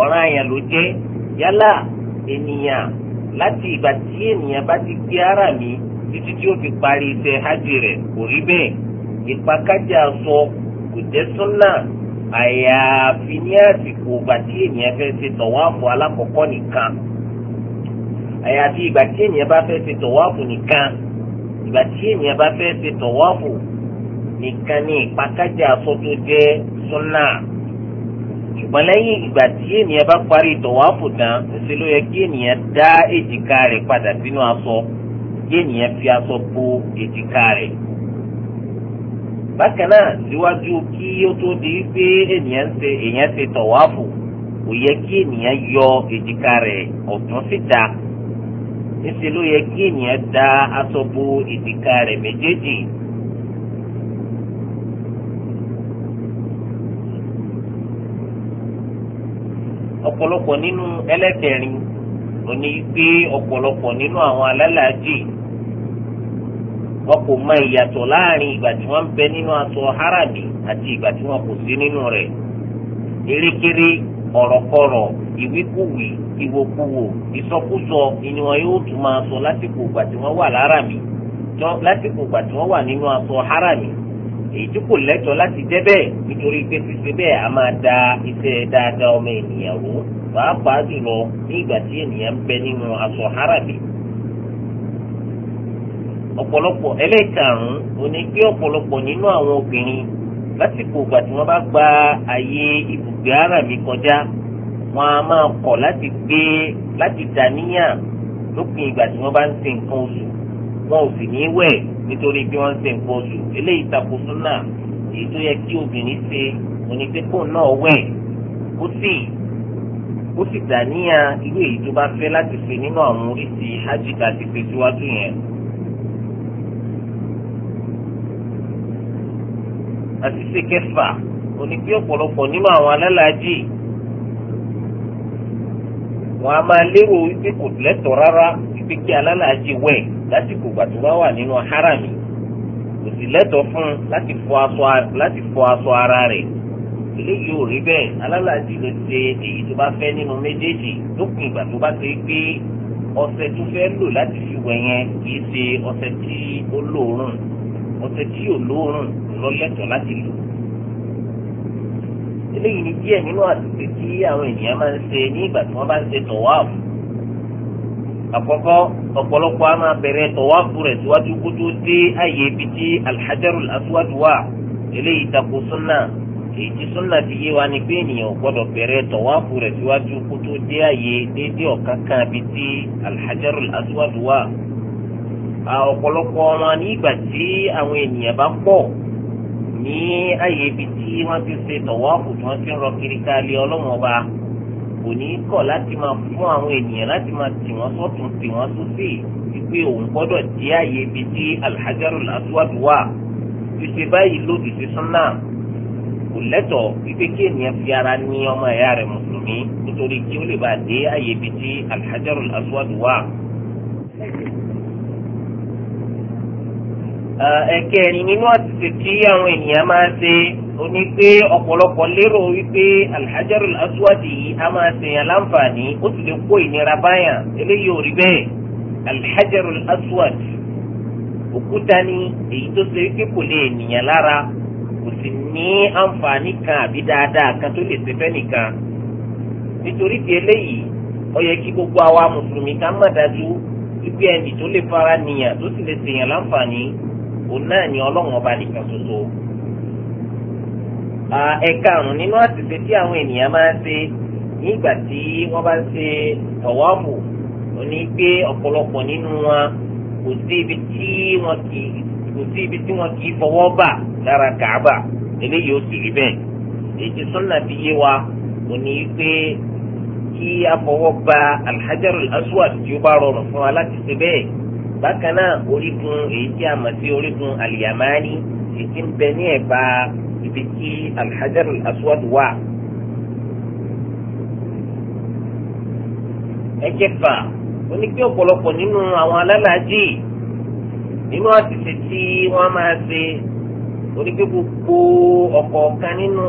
ọ̀ràn àyàn ló jẹ́ yálà ènìyàn láti ìgbà tí ènìyàn bá ti gbé ara mi títí tí ó fi parí iṣẹ́ hajj rẹ̀ kò rí bẹ́ẹ̀ ìpakájà sọ kò jẹ́ súnà àyàfi ní àsìkò ìgbà tí ènìyàn fẹ́ ṣe tọ̀wáàfù alákọ̀ọ́kọ́ nìkan àyàfi ìgbà tí ènìyàn bá fẹ́ ṣe tọ̀wáàfù nìkan ìgbà tí ènìyàn bá fẹ́ ṣe tọ̀wáàfù nìkan ni ìpakájà sọ tó jẹ́ súnà ṣùgbọ́n lẹ́yìn ìgbà tí ènìyàn bá parí tọ̀wáàfù tán ṣe ló yẹ kí ènìyàn dá èjìká rẹ̀ padà sínú aṣọ kéèyàn fi aṣọ bo èjìká rẹ̀ bákan náà síwájú kí ó tó di pé ènìyàn ṣe èèyàn ṣe tọ̀wáfù kò yẹ kí ènìyàn yọ èjìká rẹ̀ ọ̀tún síta níṣẹ́ ló yẹ kí ènìyàn da aṣọ bo èjìká rẹ̀ méjèèjì. ọ̀pọ̀lọpọ̀ nínú ẹlẹ́kẹ̀rin òní pé ọ̀pọ̀lọpọ̀ nínú àwọn alálàájì wọn kò mọ ìyàtọ̀ láàrin ìgbà tí wọ́n ń bẹ nínú aṣọ harami àti ìgbà tí wọ́n kò sí nínú rẹ̀ erékeré ọ̀rọ̀kọ̀rọ̀ ìwíkúwì ìwòkuwò ìsọkúsọ ni yóò tún máa sọ lásìkò ìgbà tí wọ́n wà nínú aṣọ èyí tí kò láti jẹ́ bẹ́ẹ̀ a máa da iṣẹ́ dáadáa ọmọ ènìyàn wò pàápàá jùlọ ní ìgbà tí ènìyàn ń bẹ nínú ọ̀pọ̀lọpọ̀ ẹlẹ́ẹ̀karùn-ún òní pé ọ̀pọ̀lọpọ̀ nínú àwọn obìnrin lásìkò ìgbà tí wọ́n bá gba àyè ibùgbé ara mi kọjá wọn a máa kọ̀ láti gbé láti dàníyàn lópin ìgbà tí wọ́n bá ń ṣe nǹkan oṣù wọn ò sì ní wẹ̀ nítorí bí wọ́n ń ṣe nǹkan oṣù eléyìí tako súnà èyí tó yẹ kí obìnrin ṣe òní pé kóun náà wẹ̀ kó sì ó sì dàníyàn irú èyí tó bá fẹ́ láti ṣe nínú àwọn oríṣi hajj ti fi síwájú yẹn àti ṣe kẹfà òní pé ọ̀pọ̀lọpọ̀ nínú àwọn alálàájì wọn a máa lérò wípé kò lẹ́tọ̀ọ́ rárá wípé kí alálàájì wẹ̀ lásìkò ìgbà tó bá wà nínú harami kò sì lẹ́tọ̀ọ́ fún láti fọ aṣọ ara rẹ̀ eléyìí ò rí bẹ́ẹ̀ alálàájì lè ṣe èyí tó bá fẹ́ nínú méjèèjì lópin ìgbà tó bá ṣe pé ọṣẹ tó fẹ́ lò láti fi wẹ̀ yẹn kì í ṣe ọṣẹ tí ó lóòórùn ọṣẹ tí ò lóòórùn lọ́lẹ́tọ̀ láti lò. eléyìí ni díẹ̀ nínú àtúntò tí àwọn ènìyàn máa ń ṣe ní ìgbà tí wọ́n bá ń ṣe tọ̀wáàfù. àkọ́kọ́ ọ̀pọ̀lọpọ̀ á máa bẹ̀rẹ̀ tọ̀wáàfù rẹ̀ síwájú kó tó dé àyè ibi tí alhajarul aswad wà eléyìí tako súnà èyí tí súnà ti yé wa ni pé ènìyàn ò gbọ́dọ̀ bẹ̀rẹ̀ tọ̀wáàfù rẹ̀ síwájú kó tó dé àyè déédéé ọ̀kánkán ibi tí alhajarul aswad wà ọ̀pọ̀lọpọ̀ ọmọ nígbà tí àwọn ènìyàn bá pọ̀ ní àyè ibi tí wọ́n ti ṣe tọ̀wọ́ọ̀kù tí wọ́n ti ń rọ kiri ká lé ọlọ́run ọba kò ní kọ̀ láti máa fún àwọn ènìyàn láti máa tì wọ́n sọ́tún tì wọ́n sósì wípé òun gbọ́dọ̀ dé àyè ibi tí alhajarul aswad wà ṣíṣe báyìí lòdì sí súnà kò lẹ́tọ̀ọ́ wípé kí ènìyàn fi ara ní ọmọ ẹ̀yà rẹ̀ mùsùlùmí nítorí kí ó lè bá dé àyè ibi tí alhajarul aswad wà. Eh, ẹ̀kẹrin nínú àtìsí tí àwọn ènìyàn máa ṣe ó ní pé ọ̀pọ̀lọpọ̀ lérò wípé alhajarul aswad yìí a máa ṣèyàn láǹfààní ó sì lè kó ìnira báyà eléyìí ò rí bẹ́ẹ̀ alhajarul aswad òkúta ni èyí tó ṣe wípé kò lè ènìyàn lára kò sì ní àǹfààní kan àbí dáadáa kan tó lè ṣe fẹ́ nìkan nítorí ti eléyìí ó yẹ kí gbogbo àwa mùsùlùmí ká mọ̀ dájú wípé ẹnì fara nìyàn tó sì lè ṣèyàn láǹfààní òun náà ni ọlọ́run ọba nìkan ṣoṣo. ẹ̀ka àrùn nínú àṣìṣe tí àwọn ènìyàn máa ń ṣe nígbà tí wọ́n bá ń ṣe tọ̀wọ́ọ̀mù ó ní pé ọ̀pọ̀lọpọ̀ nínú wọn kò sí ibi tí wọn kì í kò sí fọwọ́ bà lára kàába eléyìí ó sì rí bẹ́ẹ̀ èyí sọ́nà fi yé wa ó pé kí a fọwọ́ bà alhajarul aswad tí ó bá rọrùn fún wa láti ṣe bẹ́ẹ̀ bákan náà orígun èyí tí a mọ̀ sí orígun aliyamani èyí tí ń bẹ ní ẹ̀bá ibi tí alhajar aswad wà. ẹ̀kẹfà ó ní pé ọ̀pọ̀lọpọ̀ nínú àwọn alálàájì nínú àṣìṣe tí wọ́n máa ṣe torí pé gbogbo ọ̀kọ̀ọ̀kan nínú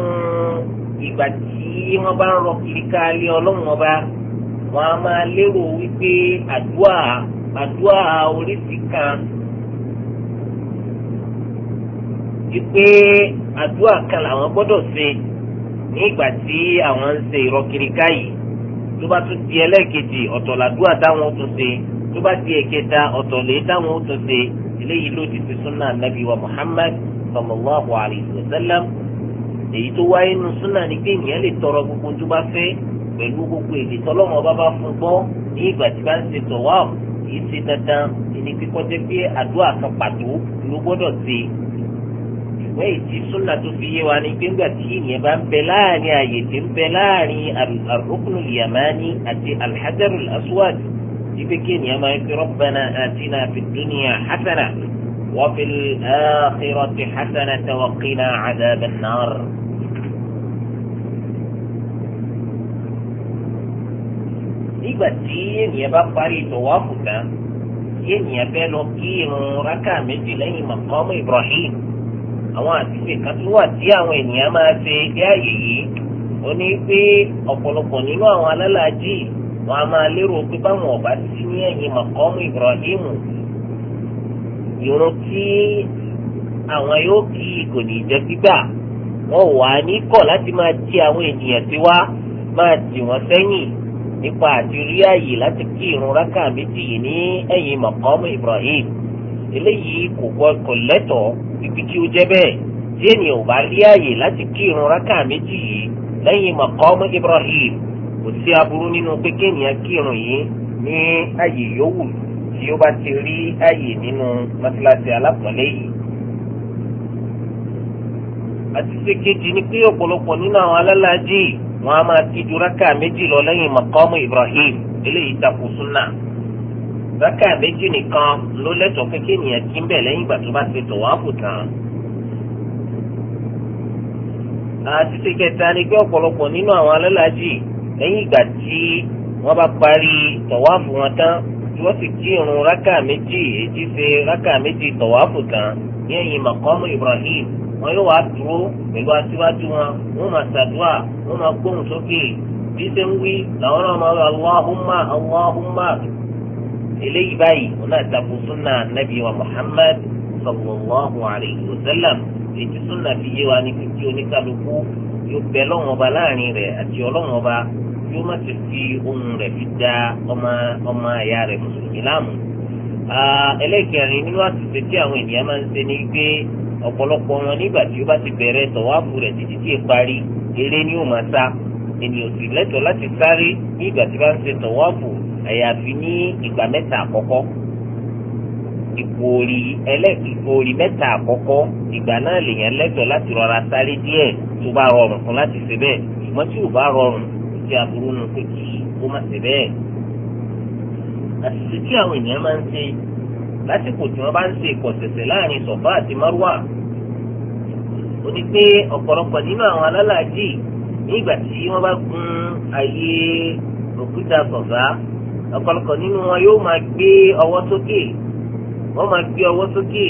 ìgbà tí wọ́n bá ń rọ kiri ká lé ọlọ́run ọba wọ́n á máa lérò wípé àdúrà àdúrà oríṣi kan wípé àdúrà kan làwọn gbọ́dọ̀ ṣe ní ìgbà tí àwọn ń ṣe ìrọ̀kìrìkà yìí tó bá tún di ẹlẹ́ẹ̀kejì ọ̀tọ̀ làdúrà táwọn ó tún ṣe tó bá di ẹ̀kẹta ọ̀tọ̀ lè táwọn ó tún ṣe eléyìí ló ti fi súnà nàbí wa Muhammad sallallahu alayhi wa sallam èyí tó wáyé nu súnà ni pé ìyẹn lè tọrọ gbogbo tó bá fẹ́ pẹ̀lú gbogbo èdè tọ́lọ́mọ bá bá fún gbọ́ ní ìgbà tí bá ń ṣe tọ̀wá kì í ṣe dandan ìní kíkọ́ jẹ́ pé àdúrà kan pàtó ló gbọ́dọ̀ ṣe ìwé ìtì súnà tó fi yé wa ní gbígbà tí ìyẹn bá ń bẹ láàrin àyè tí ń bẹ láàrin àrùkùnù yamani àti alhajar aswad ibi kí ènìyàn máa fi rabbana atina fi dúnìyà hasana wa fil ti hasana wa qina adhaban nar. nígbà tí ènìyàn bá parí tọ̀wáfù tán tí ènìyàn fẹ́ lọ kí irun rákà méjì lẹ́yìn mọ̀kọ́mù Ibrahim àwọn àtúnṣe kan tó wà tí àwọn ènìyàn máa ṣe dé àyè yìí ó ní pé ọ̀pọ̀lọpọ̀ nínú àwọn alálàájì wọn a máa lérò pé báwọn ọ̀bá sí ní ẹ̀yìn mọ̀kọ́mù Ibrahim irun tí àwọn yóò kí kò ní jẹ́ gbígbà wọn wà á ní kọ̀ láti máa ti àwọn ènìyàn tiwa máa tì wọ́n sẹ́yìn nípa àti rí àyè láti kí irun rákà méjì yìí ní ẹ̀yìn mọ̀kọ́mù Ibrahim eléyìí kò gbọ́ kò lẹ́tọ̀ọ́ ibi kí ó jẹ́ bẹ́ẹ̀ tí ènìyàn ò bá rí àyè láti kí irun rákà méjì yìí lẹ́yìn mọ̀kọ́mù Ibrahim kò sí aburú nínú pé kéèyàn kí irun yìí ní àyè yòówù tí ó bá ti rí àyè nínú mọ́tíláṣí alápọ̀lẹ́ yìí. àti ṣe kejì ni pé ọ̀pọ̀lọpọ̀ nínú àwọn alálàájì wọn a máa kí ju rákà méjì lọ lẹ́yìn mọ̀kọ́mù Ibrahim eléyìí takò súnà rákà méjì nìkan ló lẹ́tọ̀ọ́ kékeré nìyẹn kí n bẹ̀ lẹ́yìn ìgbà tó bá ti tọ̀ wá kù tán. àtúnṣe kẹta ni pé ọ̀pọ̀lọpọ̀ nínú àwọn alálàájì lẹ́yìn ìgbà tí wọ́n bá parí tọ̀wáàfù wọn tán tí wọ́n sì kí rákà méjì èjì ṣe rákà méjì tọ̀wáàfù tán ní ẹ̀yìn mọ̀kọ́mù Ibrahim wọn yóò wá dúró pẹ̀lú aṣíwájú wọn wọn máa ṣàdúrà wọn máa gbóhùn sókè bí ṣe ń wí làwọn náà máa wí aláhùnmá aláhùnmá eléyìí báyìí wọn náà takò súnà nàbí wa Muhammad sallallahu alayhi wa sallam ètò súnà fi yé wa ní kíkí oníkálukú yóò bẹ lọ́wọ́n ọba láàrin rẹ̀ àti ọlọ́wọ́n ọba yóò má ti fi ohun rẹ̀ fi da ọmọ ẹ̀yà rẹ̀ mùsùlùmí láàmú. Ah, ẹlẹ́kẹ̀rin nínú àtúnṣe tí àwọn ènìyàn máa ń ṣe ni pé ọ̀pọ̀lọpọ̀ wọn nígbà tí ó bá ti bẹ̀rẹ̀ tọ̀wáfù rẹ̀ títí tí ì parí eré ni ó máa sá ènìyàn sì lẹ́tọ̀ọ́ láti sáré ní ìgbà tí bá ń ṣe tọ̀wáfù àyàfi ní ìgbà mẹ́ta àkọ́kọ́ ìpòòrì ẹlẹ́ ìpòòrì mẹ́ta àkọ́kọ́ ìgbà náà lèèyàn lẹ́tọ̀ọ́ láti rọra sáré díẹ̀ tó bá rọrùn fún láti ṣe bẹ́ẹ̀ ṣùgbọ́n tí ò bá rọrùn ìṣe aburú nu pé kí ó má ṣe bẹ́ẹ̀ àṣìṣe tí àwọn ènìyàn máa ń ṣe lásìkò tí wọ́n bá ń ṣe ìkọ̀sẹ̀sẹ̀ láàrin sọ̀fà àti márùwà ó ní pé ọ̀pọ̀lọpọ̀ nínú àwọn alálàájì nígbà tí wọ́n bá gun àyè òkúta sọ̀fà ọ̀pọ̀lọpọ̀ nínú wọn yóò máa gbé ọwọ́ sókè wọ́n máa gbé ọwọ́ sókè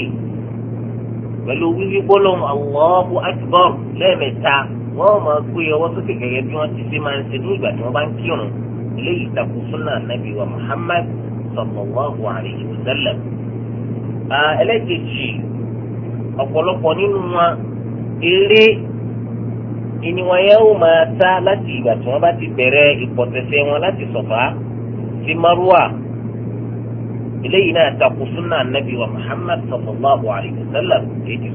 pẹ̀lú wíwí gbólóhùn Allahu Akbar lẹ́ẹ̀mẹ́ta wọ́n máa gbé ọwọ́ sókè gẹ́gẹ́ bí wọ́n ti ṣe máa ń ṣe ní ìgbà tí wọ́n bá ń kírun eléyìí takò súnà nàbí wa Muhammad sallallahu alayhi wa sallam. ẹlẹ́kejì ọ̀pọ̀lọpọ̀ nínú wọn eré ìníwọ̀n yẹn ó máa ta láti ìgbà tí wọ́n bá ti bẹ̀rẹ̀ ìpọ̀tẹ̀sẹ̀ wọn láti sọ̀fà sí márùwà eléyìí náà takò súnà wa Muhammad sallallahu wa sallam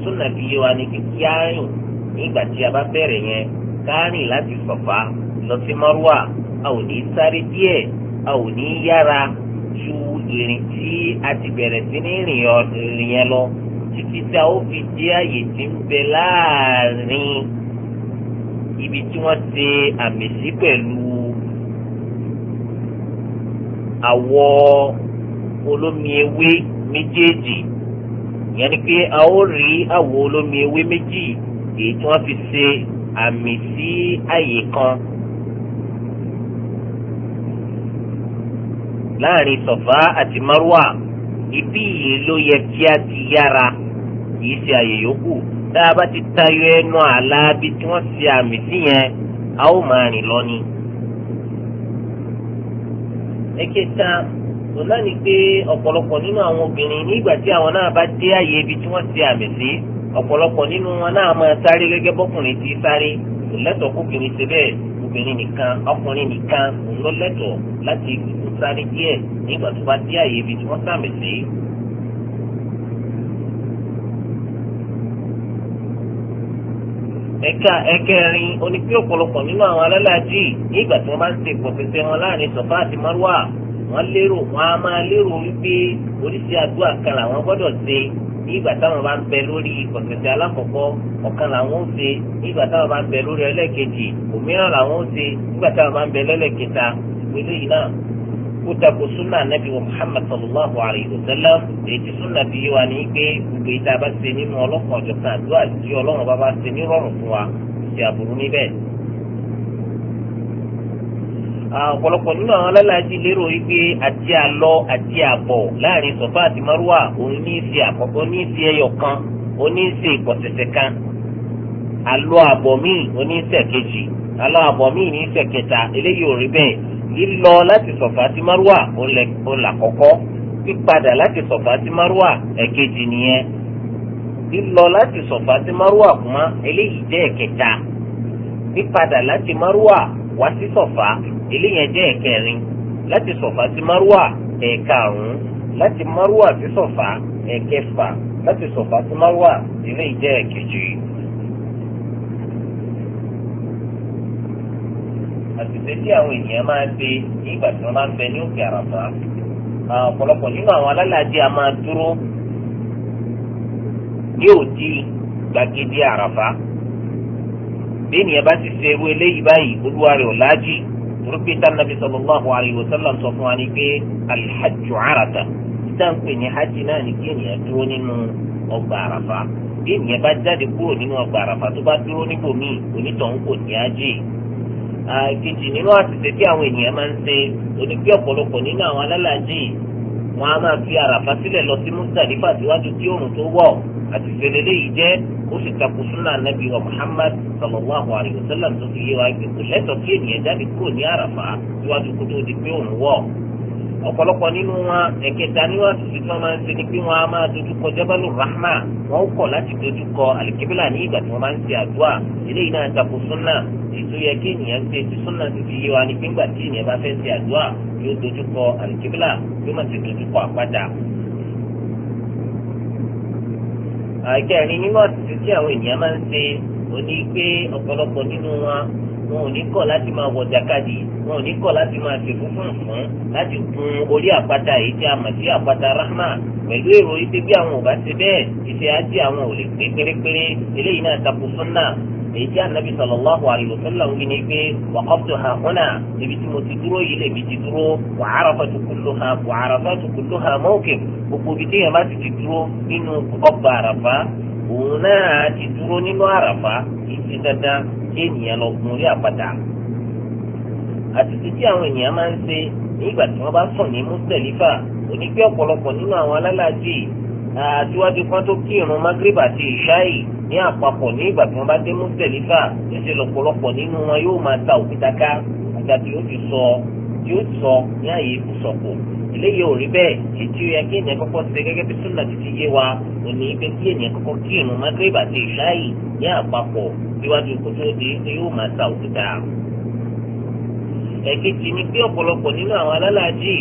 súnà fi yé wa ní kíkí àárín nígbà tí a bá bẹ̀rẹ̀ yẹn kárìn láti sọ̀fà lọ sí márùwà a ò ní sáré díẹ̀ a ò ní yára. ju ìrìn tí a ti bẹ̀rẹ̀ sí ní ìrìn yẹn lọ títí tá ó fi dé àyè tí ń bẹ láàrin ibi tí wọ́n ṣe àmì sí pẹ̀lú àwọ̀ olómi ewé méjèèjì ìyẹn ni pé a ó rí àwọ̀ olómi ewé méjì èyí tí wọ́n fi ṣe àmì sí àyè kan. láàrin sọ̀fà àti márùwà ibi yìí ló yẹ kí a ti yára kì í ṣe àyè yòókù tá a bá ti tayọ ẹnu àlá bí tí wọ́n ṣe àmì sí yẹn a ó máa rìn lọ ni. ẹ̀kẹta ọ̀la ni pé ọ̀pọ̀lọpọ̀ nínú àwọn obìnrin nígbà tí àwọn náà bá dé àyè ibi tí wọ́n ṣe àmì sí ọ̀pọ̀lọpọ̀ nínú wọn náà máa sáré gẹ́gẹ́ bọ́kùnrin ti sáré ìlẹ́tọ̀ọ́kùnrin ti bẹ́ẹ̀ obìnrin nìkan ọkùnrin nìkan òun ló lẹ́tọ̀ọ́ láti sáré díẹ̀ nígbà tó bá dé àyè ibi tí wọ́n sàmì sí. ẹ̀ka ẹ̀kẹrin oní pé ọ̀pọ̀lọpọ̀ nínú àwọn alálàájì nígbà tí wọ́n bá ń ṣe wọn láàrin sọ̀fà àti wọ́n lérò wọ́n á máa lérò wípé oríṣi àdúrà kan làwọn gbọ́dọ̀ ìgbà táwọn bá ń bẹ lórí kọ̀tẹ̀tẹ̀ alákọ̀ọ́kọ́ ọ̀kan làwọn ó ṣe ìgbà táwọn bá ń bẹ lórí ẹlẹ́ẹ̀kejì òmíràn làwọn ó ṣe ìgbà táwọn bá ń bẹ lẹ́lẹ́kẹta ìpele yìí náà ó tako súnà nàbí Muhammad sallallahu alayhi wa sallam èyí súnà bí wa ní pé gbogbo ìta bá ṣe nínú ọlọ́kan ọ̀jọ̀kan àdúrà tí ọlọ́run bá bá ṣe ní fún wa ṣe àbùrú níbẹ̀ Ah, ọ̀pọ̀lọpọ̀ nínú àwọn alálàájì lérò wípé àti àlọ àti àbọ̀ láàrin sọ̀fà àti márùwà òun ní í ṣe àkọ́kọ́ ní í ṣe ẹyọ kan òun ní í ṣe ìpọ̀sẹ̀sẹ̀ kan àlọ àbọ̀ míì òun ní í ṣe kejì àlọ àbọ̀ míì ní í ṣe kẹta eléyìí ò rí bẹ́ẹ̀ lílọ láti sọ̀fà àti márùwà òun làkọ́kọ́ pípadà láti sọ̀fà àti márùwà ẹ̀kejì nìyẹn lílọ láti sọ̀fà àti márùwà kùmá eléyìí jẹ́ ẹ̀kẹta pípadà láti márùwà wá sí sọ̀fà eléyẹn jẹ́ ẹ̀kẹrin láti sọ̀fà sí márùwà ẹ̀ẹ̀karùn-ún láti márùwà sí sọ̀fà ẹ̀ẹ̀kẹfà láti sọ̀fà sí márùwà eléyìí jẹ́ ẹ̀kejì. àtìsẹ́ tí àwọn ènìyàn máa ṣe ní ìgbà tí wọ́n máa ń bẹ ní òkè àràfà ọ̀pọ̀lọpọ̀ nínú àwọn alálàájì a máa dúró ní òdi gbàgede àràfà bí ènìyàn bá ti ṣe irú eléyìí báyìí olúwa rẹ̀ ò láàjì torípé tànàbí sallallahu alayhi wa sallam sọ fún wa ní pé alhajju arata ìtànpè ní hajj náà ní kí ènìyàn dúró nínú ọgbà àràfà bí ènìyàn bá jáde kúrò nínú ọgbà àràfà tó bá dúró níbòmíì onítọ̀hún kò ní ájì kejì nínú àtìsẹ́ tí àwọn ènìyàn máa ń ṣe onígbé ọ̀pọ̀lọpọ̀ nínú àwọn alálàájì wọn a máa fi àràfà sílẹ̀ lọ sí mùsàlífà síwájú tí òòrùn tó wọ̀ àtìsẹ́ lélẹ́yìí jẹ́ ó sì takò súnà nàbí wa Muhammad sallallahu alayhi wa sallam tó fi yé wa gbé kò lẹ́tọ̀ kí ènìyàn jáde kúrò ní àràfà síwájú kó tó di pé òun wọ̀ ọ̀pọ̀lọpọ̀ nínú wọn ẹ̀kẹta ni wọ́n ti tún máa ń ṣe ni pé wọ́n á máa dojúkọ jabalu rahma wọ́n kọ̀ láti dojúkọ alikibila ní ìgbà tí wọ́n máa ń ṣe àdúrà eléyìí náà takò súnà ètò yẹ kí ènìyàn ṣe ti súnà ti fi yé wa ni pé tí ènìyàn bá fẹ́ ṣe àdúrà yóò dojúkọ alikibila yóò máa ṣe dojúkọ àpáta àìkẹrin nínú àtúntò tí àwọn ènìyàn máa ń ṣe òní pé ọ̀pọ̀lọpọ̀ nínú wọn wọn ò ní kọ̀ láti máa wọ jàkadì wọn ò ní kọ̀ láti máa ṣèkú fún fún láti gun orí àpáta èyí tí a mọ̀ sí àpáta rahma pẹ̀lú èrò ibi bí àwọn ò bá ṣe bẹ́ẹ̀ ìṣe ajé àwọn ò lè pé pérépéré eléyìí náà takò fún èyí tí anabi sallallahu alayhi wa sallam wí ni pé wàkọ́tù ha húnà ibi tí mo ti dúró yìí lèmi ti dúró wàhárafàtú kúlù ha wàhárafàtú kúlù ha mọ́ọ̀kì gbogbo ibi tí yẹn bá ti ti dúró nínú ọgbà àràfà òun náà ti dúró nínú àràfà ìdí dandan kí ènìyàn lọ gun orí àpáta àtìsí tí àwọn ènìyàn máa ń ṣe nígbà tí wọ́n bá sùn ní mùsùlùmí fà onígbé ọ̀pọ̀lọpọ̀ nínú àwọn alálàájì àtiwájú kan tó kírun magreba àti ìṣáì ní àpapọ̀ ní ìgbà tí wọ́n bá dé mùsẹ̀lífà ẹ̀ṣẹ̀ lọ́pọ̀lọpọ̀ nínú wọn yóò máa ta òkúta ká àgbà tí yóò ti sọ yóò sọ ní àyè ìbùsọ̀kù eléyìí ò rí bẹ́ẹ̀ ètí ó yẹ kí ènìyàn kọ́kọ́ ṣe gẹ́gẹ́ bí súnà títí yé wa òní pé kí ènìyàn kọ́kọ́ kí irun magreba àti ìṣáì ní àpapọ̀ síwájú kó tó di pé yóò máa ta òkúta. ẹ̀kejì ni pé ọ̀pọ̀lọpọ̀ nínú àwọn alálàájì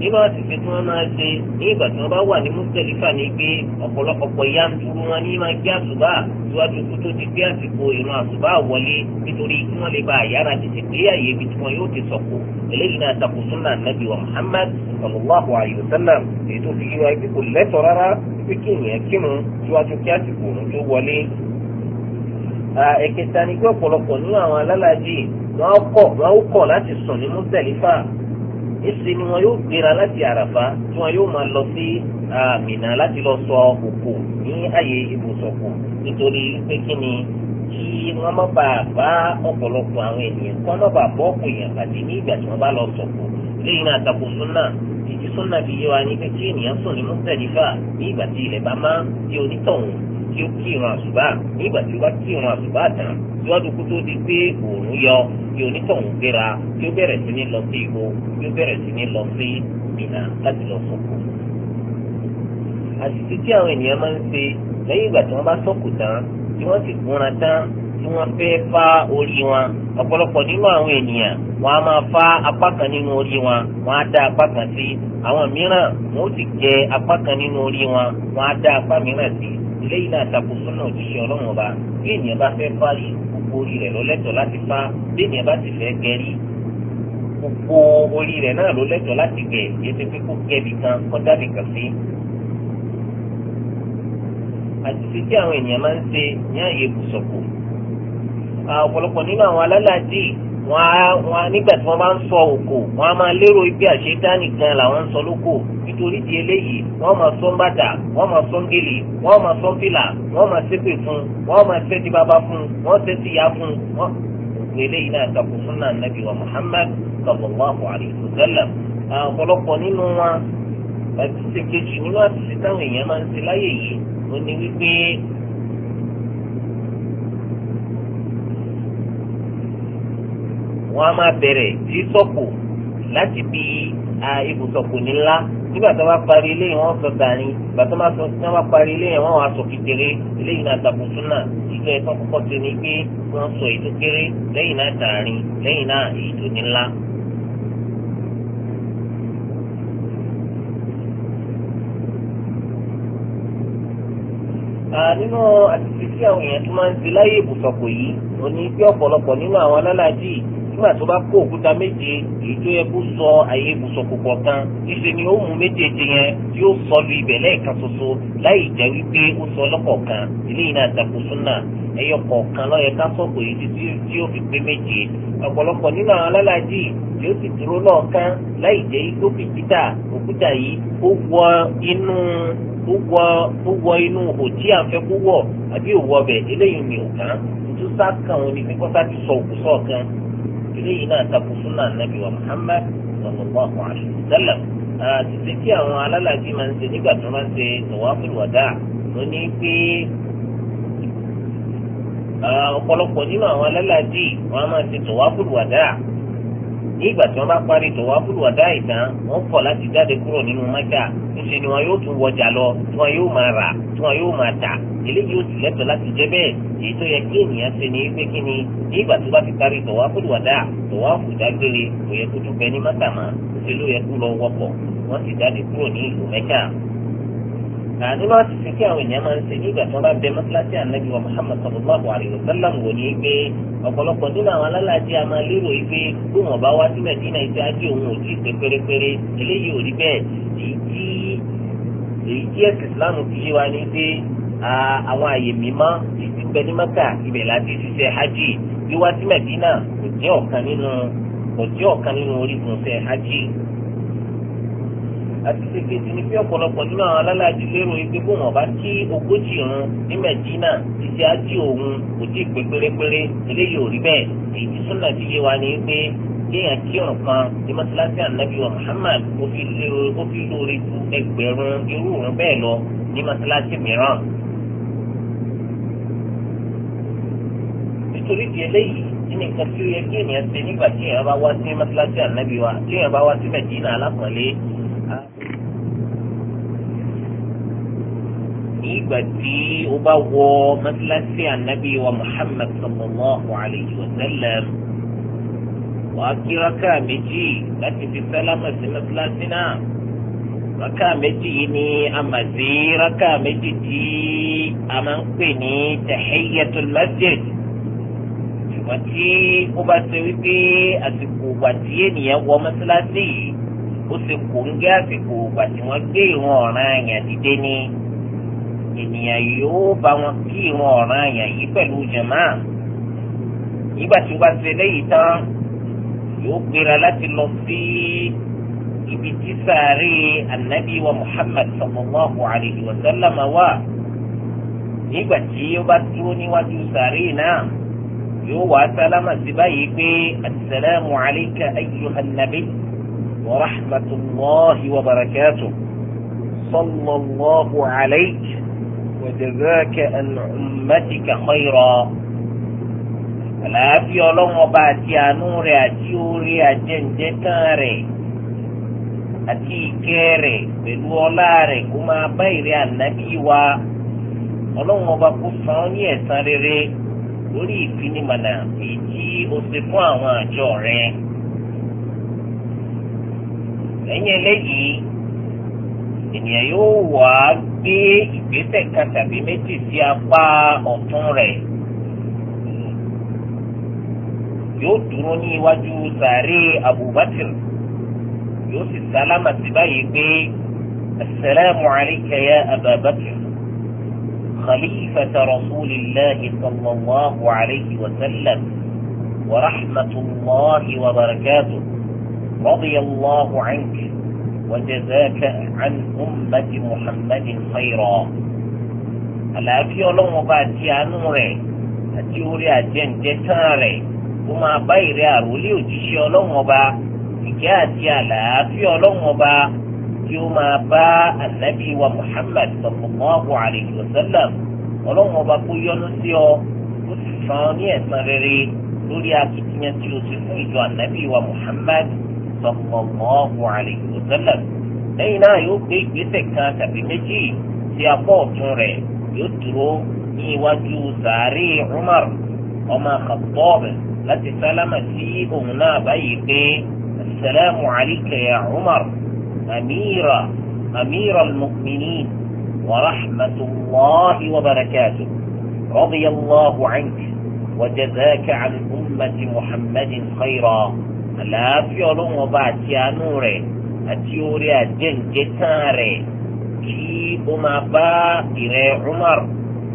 irú àsìkò tí wọ́n máa ṣe ní ìgbà tí wọ́n bá wà ní mùsùlùmí ní pé ọ̀pọ̀lọpọ̀ ya ń dúró wọn ní máa gbé àsùbá síwájú kó tó ti gbé àsìkò ìrun àsùbá wọlé nítorí kí wọ́n lè ba àyára tètè pé àyè ibi tí wọ́n yóò ti sọ̀kò eléyìí náà takò súnà nàbì wa Muhammad sallallahu alayhi wa sallam èyí tó fi yíwa ibi kò lẹ́tọ̀ rárá pé kí ìyẹn kírun síwájú kí àsìkò òun tó wọlé. ẹ̀kẹta ni pé ọ̀pọ̀lọpọ̀ nínú àwọn alálàájì wọ́n kọ̀ láti sùn ní mùsùlùmí èsì ni wọn yóò gbéra láti àràfá tí wọn yóò máa lọ sí Mínà láti lọ sọ òkò ní àyè ibùsọ̀kò nítorí pé kí ni kí wọ́n má bàa bá ọ̀pọ̀lọpọ̀ àwọn ènìyàn kí wọ́n má bàa bọ́ ọ̀pọ̀ èèyàn pàdé ní ìgbà tí wọ́n bá lọ sọ̀kò lẹ́yìn náà súnà ìdí súnà fi yé wa ní pé kí ènìyàn sùn ní mọ́tẹ́lifà ní ìgbà tí ilẹ̀ bá má di onítọ̀hún tí ó kí ìrun àṣùbà nígbà tí ó bá kí ìrun àṣùbà tán síwájú kó tó di pé òòrùn yọ kí onítọ̀hún gbéra kí ó bẹ̀rẹ̀ sí ní lọ sí ìgbò kí ó bẹ̀rẹ̀ sí ní lọ sí ìnà láti lọ sọ̀kò. àṣìṣe tí àwọn ènìyàn máa ń ṣe lẹ́yìn ìgbà tí wọ́n bá sọ̀kò tán tí wọ́n sì gúnra tán tí wọ́n fẹ́ fá orí wọn ọ̀pọ̀lọpọ̀ nínú àwọn ènìyàn wọ́n á máa fá apá kan nínú orí wọn wọ́n á dá apá kan sí àwọn mìíràn wọ́n ó sì jẹ apá kan nínú orí wọn wọ́n á dá apá mìíràn sí eléyìí náà takò sọ́nà òjíṣẹ́ ọlọ́run ọba bí ènìyàn bá fẹ́ fárí gbogbo orí rẹ̀ ló lẹ́tọ̀ọ́ láti fá bí ènìyàn bá sì fẹ́ gẹ̀rí gbogbo orí rẹ̀ náà ló lẹ́tọ̀ọ́ láti gẹ̀ yẹtí pé kó gẹ̀bi kan kó dábì kan sí. àtìsí tí àwọn ènìyàn máa ń ṣe ní àyè ibùsọ̀kù ọ̀pọ̀lọpọ̀ nínú àwọn alálàájì wọn á wọn á nígbà tí wọn bá ń sọ òkò wọn á máa lérò ibi àṣetánì kan làwọn ń sọ lóko nítorí di eléyìí wọn máa sọ bàtà wọn máa sọ gèlè wọn máa sọ fìlà wọn máa ṣépè fún wọn máa ṣe bàbá fún wọn ṣe ti fún wọn. òkè eléyìí náà takò súnà nàbì wa Muhammad sallallahu alayhi wa sallam ọ̀pọ̀lọpọ̀ nínú wọn àti ṣèkejì nínú àti ṣètáwọn èèyàn máa ń wọ́n á máa bẹ̀rẹ̀ sí sọ̀kò láti bí ibùsọ̀kò nílá nígbà tó bá parí ilé yẹn wọ́n sọ dání ìgbà tó bá parí ilé yẹn wọ́n wá sọ kékeré eléyìí náà tàbùn súnà ìjọ ẹ̀tọ́ kọ́kọ́ ti ní pé wọ́n sọ èyí tó kéré lẹ́yìn náà dàrin lẹ́yìn náà èyí tó nílá. nínú àtìsí tí àwọn èèyàn tó máa ń ti láyé ibùsọ̀kò yìí òní pé ọ̀pọ̀lọpọ̀ nínú àwọn alálàájì nígbà tó bá kó òkúta méje èyí tó yẹ kó sọ àyè ibùsọ̀ kòkò kan ìṣe ni ó mú méjèèjì yẹn tí ó sọ lu ibẹ̀ lẹ́ẹ̀kan ṣoṣo láì jẹ́ wípé ó sọ lọ́kọ̀ọ̀kan eléyìí náà tako súnà ẹyọ kọ̀ọ̀kan ló yẹ ká sọ̀kò èyí tí ó fi pé méje ọ̀pọ̀lọpọ̀ nínú àwọn alálàájì tí ó sì dúró lọ́ọ̀kan láì jẹ́ igbó fìkítà òkúta yìí ó wọ inú ó wọ ó wọ inú òhò tí à ń fẹ́ kó wọ̀ àbí òwọ́ bẹ̀ eléyìí ni òkan tó sá kan òní pípọ́sá ti sọ òkú sọ̀kan eléyìí náà takò súnà nàbì wa Muhammad sallallahu alaihi wasallam àtìsí tí àwọn alálàájì máa ń ṣe nígbà tó máa ń ṣe tawaful wada tó ní pé ọ̀pọ̀lọpọ̀ nínú àwọn alálàájì wọn máa ń ṣe tawaful nígbà tí wọ́n bá parí tòwá fúlùwà dá ìtàn wọ́n kọ̀ láti jáde kúrò nínú mẹ́kà níṣẹ́ ni wọn yóò tún wọjà lọ tí wọn yóò máa rà tí wọn yóò máa tà eléyìí ó sì lẹ́tọ̀ọ́ láti jẹ́ bẹ́ẹ̀ èyí tó yẹ kí ènìyàn ṣe ní pé kí ni nígbà tó bá ti parí tòwá fúlùwà dá tòwá fùdágbére kò yẹ kó tún bẹ ní mẹ́kà mọ́ ṣe ló yẹ kó lọ wọkọ̀ wọ́n sì jáde kúrò ní ìlú mẹ́kà nínú àṣìṣe tí àwọn ènìyàn máa ń ṣe nígbà tí wọ́n bá bẹ mọ́tíláṣí Muhammad sallallahu alayhi wa sallam wò ní ọ̀pọ̀lọpọ̀ nínú àwọn alálàájì a máa lérò yìí pé bí wọ́n bá wá sí mẹ̀dínà ìfẹ́ ajé òun ò tíì pé pérépéré eléyìí ò rí bẹ́ẹ̀ èyí tí èyí tí ẹ̀sìn Islam fi yé wa ní pé àwọn àyè mímọ́ ti bẹ ní Mẹ́kà ibẹ̀ láti ṣiṣẹ́ hajj bí wá sí mẹ̀dínà kò jẹ́ ọ̀kan nínú kò jẹ́ ọ̀kan nínú orígun ṣe hajj àti ṣèkejì ni pé ọ̀pọ̀lọpọ̀ nínú àwọn alálàájì lérò ibi bó wọn bá kí ogójì irun ní mẹ̀dínà títí ájí òun kò tí ì pé pérépéré eléyìí ò rí bẹ́ẹ̀ èyí súnà ti yé wa ni pé kéèyàn kírun kan ní mọ́sálásí ànábì wa Muhammad ó fi lóore ju ẹgbẹ̀rún irú òun bẹ́ẹ̀ lọ ní mọ́sálásí mìíràn. nítorí di eléyìí nínú nǹkan tí ó yẹ kí ènìyàn ṣe nígbà tí èèyàn bá wá sí mọ́sálásí ànábì wa tí èèyàn bá wá sí mẹ̀dínà alákọ̀ọ́lé nígbà tí ó bá wọ mọ́tíláṣí ànábì wa muhammad sallallahu alayhi wa sallam wàá kí rákà méjì láti fi sálámà sí mọ́tíláṣí náà rákà méjì yìí ni a mà sí rákà méjì tí a máa ń pè ní tahiyyatul masjid ṣùgbọ́n tí ó bá ṣe wípé àsìkò ìgbà tí ènìyàn wọ mọ́tíláṣí yìí ó ṣe kò ń gé àsìkò ìgbà tí wọ́n gbé ìwọ̀n ọ̀ràn àyàn dìde ni ènìyàn yóò bá wọn kí irun ọ̀ràn àyàn yìí pẹ̀lú jàmáà nígbà tí wọ́n bá ti lẹ́yìn tán yóò gbéra láti lọ sí ibi tí sàárè anabi wa muhammad sallallahu alayhi wa sallam wà nígbà tí ó bá dúró níwájú sàárè náà yóò wá sálámà sí báyìí pé asalaamu alayka ayyuhan nabi wa rahmatulahi wa barakatuh sallallahu alayka. وجزاك عن أمتك خيرا àlàáfíà ọlọ́run ọba àti àánú rẹ̀ àti orí àjẹǹjẹ tán rẹ̀ àti ìkẹ́ rẹ̀ pẹ̀lú ọlá rẹ̀ kó máa bá ìrẹ́ ànábì wa ọlọ́run ọba kó san ọ́ ní ẹ̀san rere lórí ìfinimọ̀nà èyí o ṣe fún àwọn àjọ rẹ̀. lẹ́yìn eléyìí gbé ìgbésẹ̀ kan tàbí méjì sí apá ọ̀tún rẹ̀ yóò dúró ní iwájú sàárè abubakar yóò sì sálámà sí báyìí pé asalaamu alayka ya ababakar khalifata rasulillahi sallallahu alayhi wa sallam wa rahmatulahi wa barakatuh radiya allahu anka. وجزاك عن أمة محمد خيرا àlàáfíà ọlọ́run ọba àti àánú rẹ̀ àti orí àjẹǹjẹ tán rẹ̀ ó máa bá ìrẹ́ àròlé òjíṣẹ́ ọlọ́run ọba ìjẹ́ àti àlàáfíà ọlọ́run ọba tí ó máa bá ànábì wa Muhammad sallallahu alayhi wa sallam ọlọ́run ọba kó yọ́nú sí ọ ó sì san ní ẹ̀san rere lórí akitiyan tí o ti fún ìjọ ànábì wa Muhammad. صلى الله عليه وسلم أين يبقي بسكة بمجي في أبوتر يترو يوجو ساري عمر وما خطاب التي سلم في أغنى بيقي السلام عليك يا عمر أميرة أمير المؤمنين ورحمة الله وبركاته رضي الله عنك وجزاك عن أمة محمد خيرا àlàáfíà ọlọ́run ọba àti àánú rẹ̀ àti orí àjẹǹjẹ tán rẹ̀ kí ó máa bá ìrẹ̀ Umar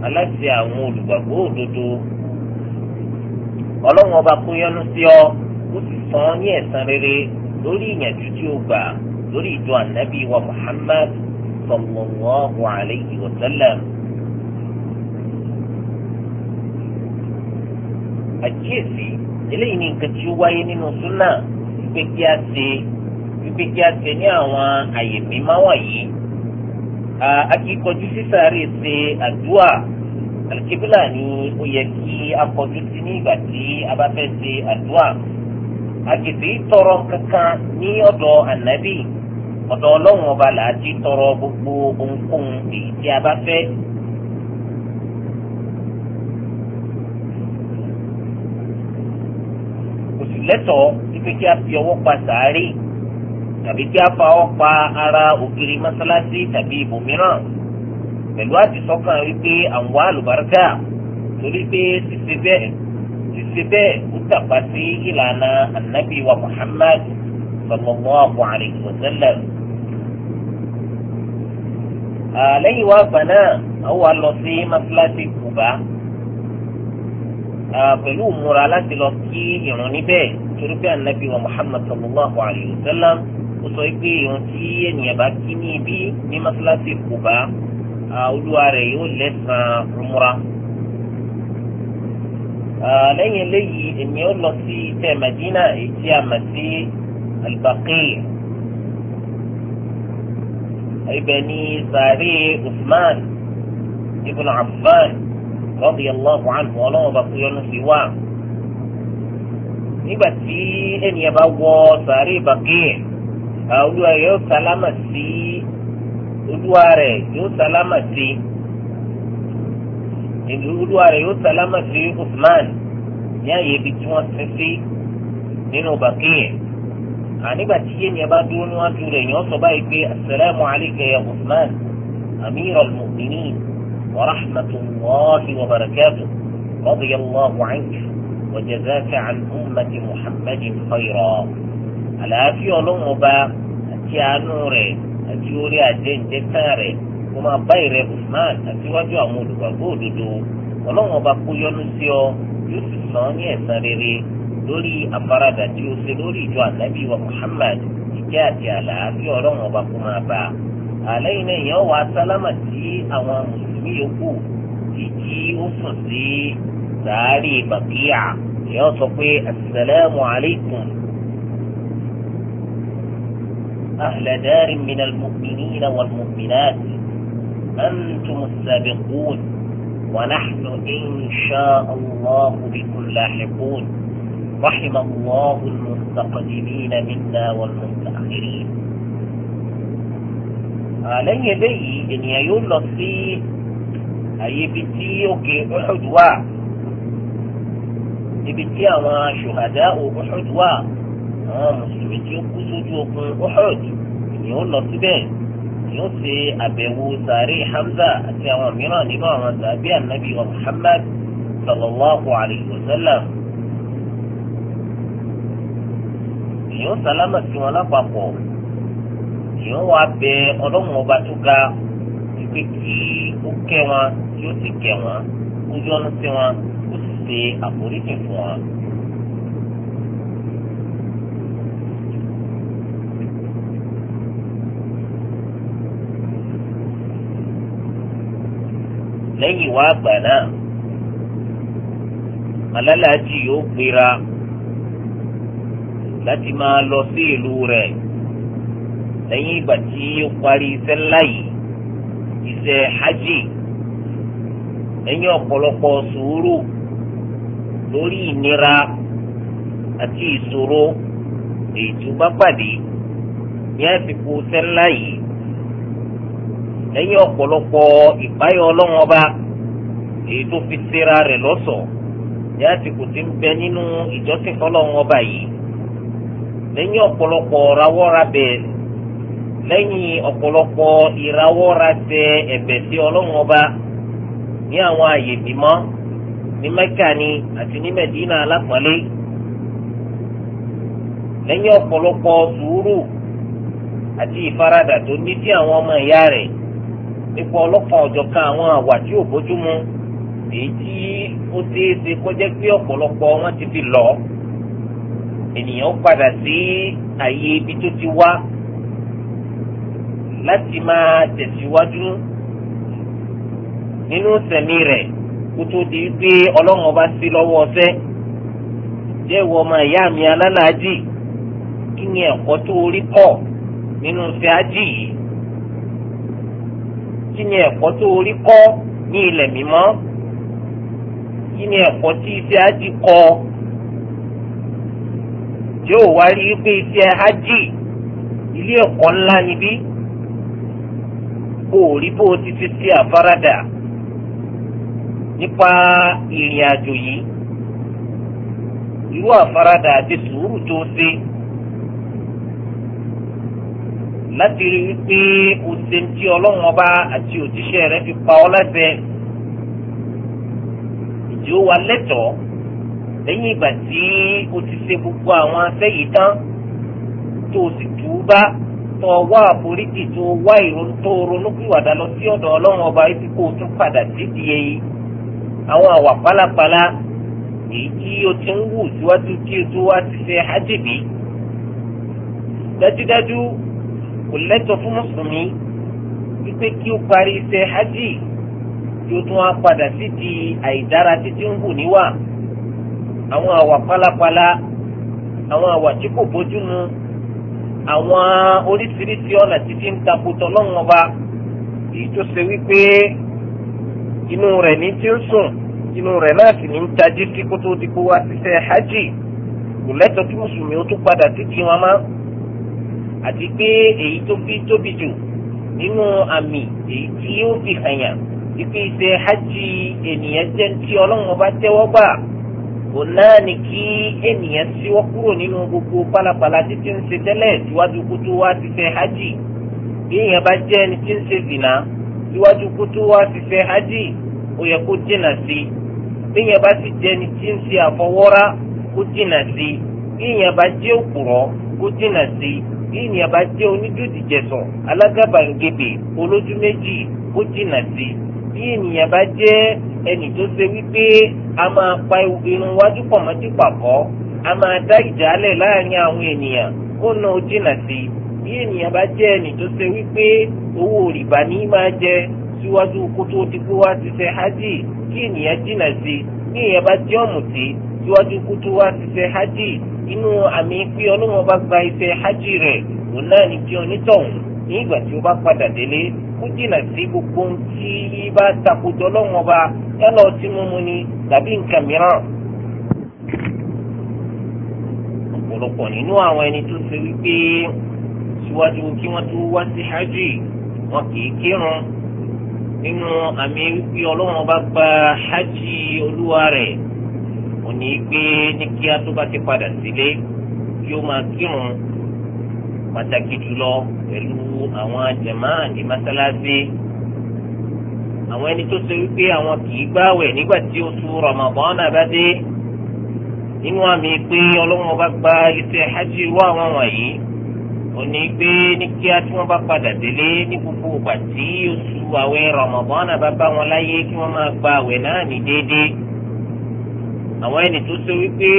aláṣẹ àwọn olùgbàgbọ́ òdodo ọlọ́run ọba kó yọ́nú sí ọ ó sì san ní rere lórí ìyànjú tí ó gbà lórí ìjọ wa Muhammad sallallahu alayhi wa a àkíyèsí. eléyìí ni nǹkan tí ó wáyé nínú súnà wípé kí a ṣe wípé kí a ṣe ní àwọn àyè mímá wọ̀nyí akíkọjú sísàárè ṣe àdúà alikibula ni ó yẹ kí a kọjú sí ní ìgbà tí a bá fẹ́ ṣe àdúà agbègbè tọrọ kankan ní ọ̀dọ̀ ànábì ọ̀dọ̀ ọlọ́run ọba làá ti tọrọ gbogbo ohunkóhun èyí tí a bá fẹ́ lẹ́tọ̀ọ́ wípé kí a fi ọwọ́ pa sàárè tàbí kí a fa ọwọ́ pa ara ògiri mọ́sálásí tàbí ibòmíràn pẹ̀lú àtisọ́kàn wípé àwọn àlùbáríkà torí pé ṣíṣe bẹ́ẹ̀ ṣíṣe bẹ́ẹ̀ ó tàpá sí ìlànà ànábì wa Muhammad sallallahu alayhi wa sallam. lẹ́yìn wá gbà náà àwọn àlọ́ sí mọ́sálásí Kùbá pẹ̀lú ìmúra láti lọ kí ìrun níbẹ̀ torí pé ànábì wa Muhammad sallallahu alayhi wa sallam ó sọ pé ìrun tí ènìyàn bá kí ní ibi ní mọ́sálásí Kùbá olúwa rẹ̀ yóò lẹ́sàn-án ìmúra. lẹ́yìn eléyìí ènìyàn ó lọ sí tẹ̀ Madina èyí tí a mọ̀ sí al ibẹ̀ ni sàárè Usman ibn Affan radiyallahu anhu ọlọ́wọ́n bá kú yọnu sí wá. nígbà tí ènìyàn bá wọ sàárè bàkíyè olúwa yóò sálámà sí olúwa rẹ̀ yóò sálámà sí olúwa rẹ̀ yóò sálámà sí Usman ní àyè ibi tí wọ́n ti sí nínú bàkíyè ànígbà tí ènìyàn bá dúró níwájú rẹ̀ yẹn sọ báyìí pé asalaamu alayka ya Usman amiral mu'minin. ورحمة الله وبركاته رضي الله عنك وجزاك عن أمة محمد خيرا àlàáfíà ọlọ́run ọba àti àánú rẹ̀ àti orí àjẹjẹ tán rẹ̀ kó máa bá ìrẹ usman àtiwájú àwọn olùgbàgbọ́ òdodo ọlọ́run ọba kó yọ́nú sí ọ yóò sì san ọ́ ní ẹ̀san rere lórí àfaradà tí o ṣe lórí ìjọ ànábì wa muhammad ìjẹ́ àti àlàáfíà ọlọ́run ọba kó máa bá a. àlẹ́yìn náà èèyàn wà sálámà ti àwọn mùsùlùmí yòókù títí ó sùn sí sàárì bàkíyà èèyàn sọ pé asalaamu alaykum ahla daarin min almu'minina walmu'minaat antum as-sabiqun ونحن إن شاء الله بكم لاحقون رحم الله المستقدمين منا والمستأخرين lẹ́yìn eléyìí ènìyàn yóò lọ sí àyè ibi tí òkè Uhud wà ibi tí àwọn ṣùhàdá Uhud wà àwọn mùsùlùmí tí ó kú sójú ogun Uhud ènìyàn ó lọ síbẹ̀ ènìyàn ó ṣe àbẹ̀wò sàárè Hamza àti àwọn mìíràn nínú àwọn sàbí ànábì wa Muhammad sallallahu alayhi wa sallam. ènìyàn ó sálámà sí wọn lápapọ̀. èèyàn wà bẹ ọlọ́run ọba tó ga wípé kí ó kẹ́ wọn kí ó ti kẹ́ wọn kó yọ́nú sí wọn kó sì ṣe àforíjì fún wọn. lẹ́yìn wá àgbà náà alálàájì yóò gbéra láti máa lọ sí ìlú rẹ̀. lẹ́yìn ìgbà tí ó parí iṣẹ́ ńlá yìí iṣẹ́ hajj lẹ́yìn ọ̀pọ̀lọpọ̀ sùúrù lórí ìnira àti ìṣòro èyí tó bá pàdé ní àsìkò iṣẹ́ ńlá yìí lẹ́yìn ọ̀pọ̀lọpọ̀ ìbáyọ̀ ọlọ́wọ́n ọba èyí tó fi síra rẹ̀ lọ́sọ̀ọ́ ní àsìkò tí ń bẹ nínú ìjọsìn fọlọ́wọ́n ọba yìí lẹ́yìn ọ̀pọ̀lọpọ̀ rawọ́ra bẹ́ẹ̀ lẹ́yìn ọ̀pọ̀lọpọ̀ ìrawọ́rasẹ̀ ẹ̀bẹ̀ sí ọlọ́run ọba ní àwọn àyè bímọ ní mẹ́kà ni àti ní mẹ́dínà alápọ̀lé lẹ́yìn ọ̀pọ̀lọpọ̀ sùúrù àti ìfaradà tó ní sí àwọn ọmọ ìyá rẹ̀ nípa ọ̀jọ̀kan àwọn àwà tí ò bójúmu èyí tí ó ṣe lọ ènìyàn padà sí àyè ibi tó ti wá. láti máa tẹ̀síwájú nínú sẹ̀mí rẹ̀ kó tó di pé ọlọ́run ọba sí lọ́wọ́ ọ̀sẹ́ jẹ́ ìwọ ọmọ ìyá mi alálàájì kí ni ẹ̀kọ́ tó rí kọ́ nínú iṣẹ́ ájì yìí kí ni ẹ̀kọ́ tó rí kọ́ ní ilẹ̀ mímọ́ kí ni ẹ̀kọ́ tí iṣẹ́ ájì kọ́ yóò wá rí pé iṣẹ́ ájì ilé ẹ̀kọ́ ńlá níbí òòrí bó ti ti ṣe àfaradà nípa ìrìn àjò yìí irú àfaradà àti sùúrù tó ṣe láti rí i pé o ṣe ti ọlọ́run ọba àti òjíṣẹ́ rẹ fi pa ọ́ láṣẹ ìdí ó wa lẹ́tọ̀ọ́ lẹ́yìn ìgbà tí o ti ṣe gbogbo àwọn asẹ́yìí tán tó o sì tú bá. tọ wá àforíjì tó wá ìrònú tó ronúpìwàdà lọ sí ọ̀dọ̀ ọlọ́run ọba ibi kó o tún padà sídìí èyí àwọn àwà pálapàla èyí tí o ti ń wù síwájú kí o tó wá ti ṣe hajj bí. dájúdájú kò lẹ́tọ̀ọ́ fún mùsùlùmí wípé kí o parí iṣẹ́ hajj kí o tún wá padà sídìí àìdára títí ń wù níwà àwọn àwà pálapàla àwọn àwà tí kò bójú mu. àwọn oríṣiríṣi ọ̀nà títí ń takùtọ̀ lọ́wọ́n ọba èyí tó ṣe wípé inú rẹ̀ ní tí ó sùn inú rẹ̀ náà sì ní ń tají sí kó tó di kó wá ṣiṣẹ́ hajj kò lẹ́tọ̀ọ́ kí mùsùlùmí ó tún padà títí wọn mọ́ àti pé èyí tó fi tóbi jù nínú àmì èyí tí ó fi hàn yàn ipe hajj ènìyàn jẹ́ ti ọlọ́run ọba tẹ́wọ́ gbà kò náà ni kí ènìyàn ṣíwọ́ kúrò nínú gbogbo pálapàla títí ń ṣe tẹ́lẹ̀ síwájú kó tó wá ti fẹ́ hajj bí èèyàn bá jẹ́ ẹni tí ń ṣe zìnà síwájú kó tó wá ti fẹ́ hajj ó yẹ kó jìnà sí i bí èèyàn bá sì jẹ́ ẹni tí ń ṣe àfọwọ́rá kó jìnà sí i bí èèyàn bá jẹ́ òpùrọ́ kó jìnà sí i bí èèyàn bá jẹ́ onídùúdìjẹsọ̀ alágàbàǹgebè olójú méjì kó jìnà sí i bí ènìyàn bá jẹ́ ẹnì tó ṣe wípé a máa pa irun wájú pọ̀ mọ́ tí pàkọ́ a máa dá ìjálẹ̀ láàrin àwọn ènìyàn kó na ó jìnà sí bí ènìyàn bá jẹ́ ẹnì tó ṣe wípé owó rìbá ní máa jẹ síwájú kó tó ti pé wá ti ṣe hajj kí ènìyàn jìnà sí bí ènìyàn bá jẹ́ ọ̀mùtí síwájú kó tó wá ti ṣe hajj inú àmì pé ọlọ́wọ́n gba iṣẹ́ hajj rẹ̀ òun náà ní kí onítọ̀hún ní ìgbà tí ó bá padà délé kó jìnnà sí gbogbo ohun tí bá takùtọ lọ́wọ́n ọba yálà ọtí mímu ni tàbí nǹkan mìíràn. ọ̀pọ̀lọpọ̀ nínú àwọn ẹni tó ṣe wípé síwájú kí wọ́n tó wá sí hajj wọn kì í kírun nínú àmì wípé ọlọ́wọ́n ọba gba hajj olúwa rẹ̀ òní gbé ní kíá tó bá ti padà sílé yóò máa kírun pàtàkì jùlọ pẹ̀lú àwọn jẹ̀má ní mọ́sálásí àwọn ẹni tó ṣe wípé àwọn kì í gbáwẹ̀ nígbà tí oṣù Ramadan bá dé nínú àmì pé ọlọ́run ọba gba iṣẹ́ hajj irú àwọn wọ̀nyí ó ní pé ní kíá tí wọ́n bá padà délé ní gbogbo ìgbà tí oṣù àwẹ̀ Ramadan bá bá wọn láyé kí wọ́n máa gba àwẹ̀ náà ní déédéé àwọn ẹni tó ṣe wípé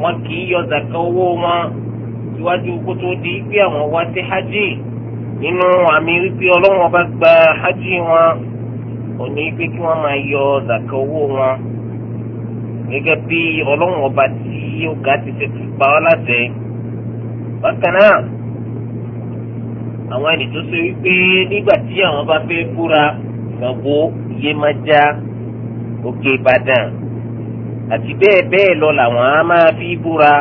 wọn kì í yọ zàkà owó wọn síwájú kó tó di pé àwọn wá sí hajj nínú àmì wípé ọlọ́run ọba gba hajj wọn ò ní pé kí wọ́n máa yọ zàkà owó wọn gẹ́gẹ́ bí ọlọ́run ọba tí ó ga ti ṣe ti pa ọ́ láṣẹ. bákan náà àwọn ẹni tó ṣe wípé nígbà tí àwọn bá fẹ́ búra gbàgbó Yemọja Òkè Ìbàdàn àti bẹ́ẹ̀ bẹ́ẹ̀ lọ làwọn á máa fi búra.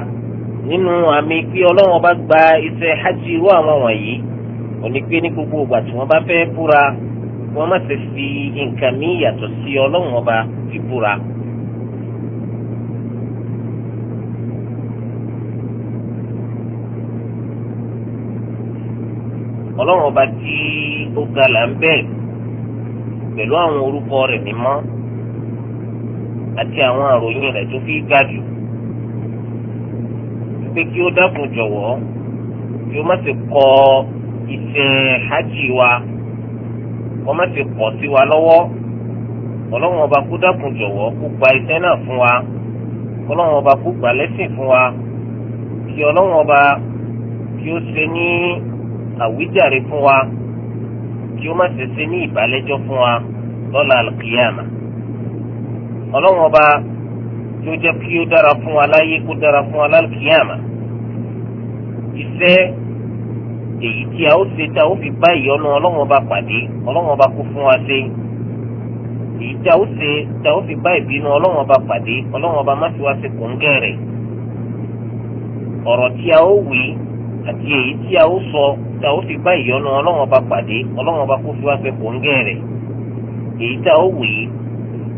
nínú àmì pé ọlọ́wọ́n bá gba iṣẹ́ hajj irú àwọn wọ̀nyí òní pé ní gbogbo ìgbà tí wọ́n bá fẹ́ búra wọ́n má ṣe fi nǹkan mí yàtọ̀ sí ọlọ́wọ́n bá fi búra. ọlọ́run ọba tí ó ga là ń bẹ̀ pẹ̀lú àwọn orúkọ rẹ̀ mímọ́ àti àwọn àròyìn rẹ̀ tó fi ga pé kí ó dákun jọ̀wọ́ kí ó má ti kọ ìsìn hajj wa kó má ti pọ̀ sí wa lọ́wọ́ ọlọ́run ọba kó dákun jọ̀wọ́ kó gba iṣẹ́ náà fún wa ọlọ́run ọba kó gbà lẹ́sìn fún wa kí ọlọ́run ọba kí ó ṣe ní àwíjàre fún wa kí ó má ṣe ṣe ní ìbálẹ́jọ́ fún wa lọ́la alkiyama ọlọ́run ọba kí ó jẹ́ kí ó dára fún wa láyé kó dára fún wa lálkiyama iṣẹ́ èyí tí a ó ṣe tá a ó fi bá ìyọ́nú ọlọ́run ọba pàdé ọlọ́run ọba kó fún wa ṣe èyí tá a ó ṣe tá a ó fi bá ìbínú ọlọ́run ọba pàdé ọlọ́run ọba má ti wá ṣe kòńgẹ́ rẹ̀ ọ̀rọ̀ tí a ó wí àti èyí tí a ó sọ tá a ó fi bá ìyọ́nú ọlọ́run ọba pàdé ọlọ́run ọba kó fi wá ṣe kòńgẹ́ rẹ̀ èyí tá a ó wí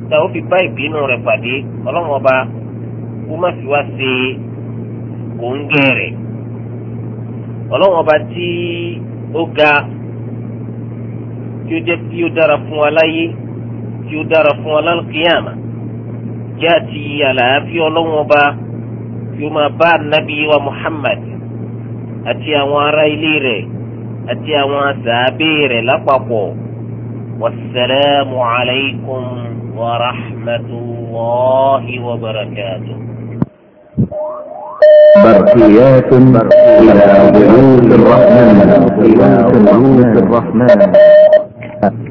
tá a ó fi bá ìbínú rẹ̀ pàdé ọlọ́run ọba kó má ti wá ṣe kòńgẹ́ rẹ̀ ọlọ́run ọba tí ó ga kí ó jẹ́ kí ó dára fún wa láyé kí ó dára fún wa lálùkìyàmà kí àti àlàáfíà ọlọ́run ọba kí ó máa bá ànábì wa Muhammad àti àwọn ará ilé rẹ̀ àti àwọn sàábé rẹ̀ lápapọ̀ wasalaamu alaykum wa rahmatulahi wa barakatuh. برقيات إلى ضيوف الرحمن إلى ضيوف الرحمن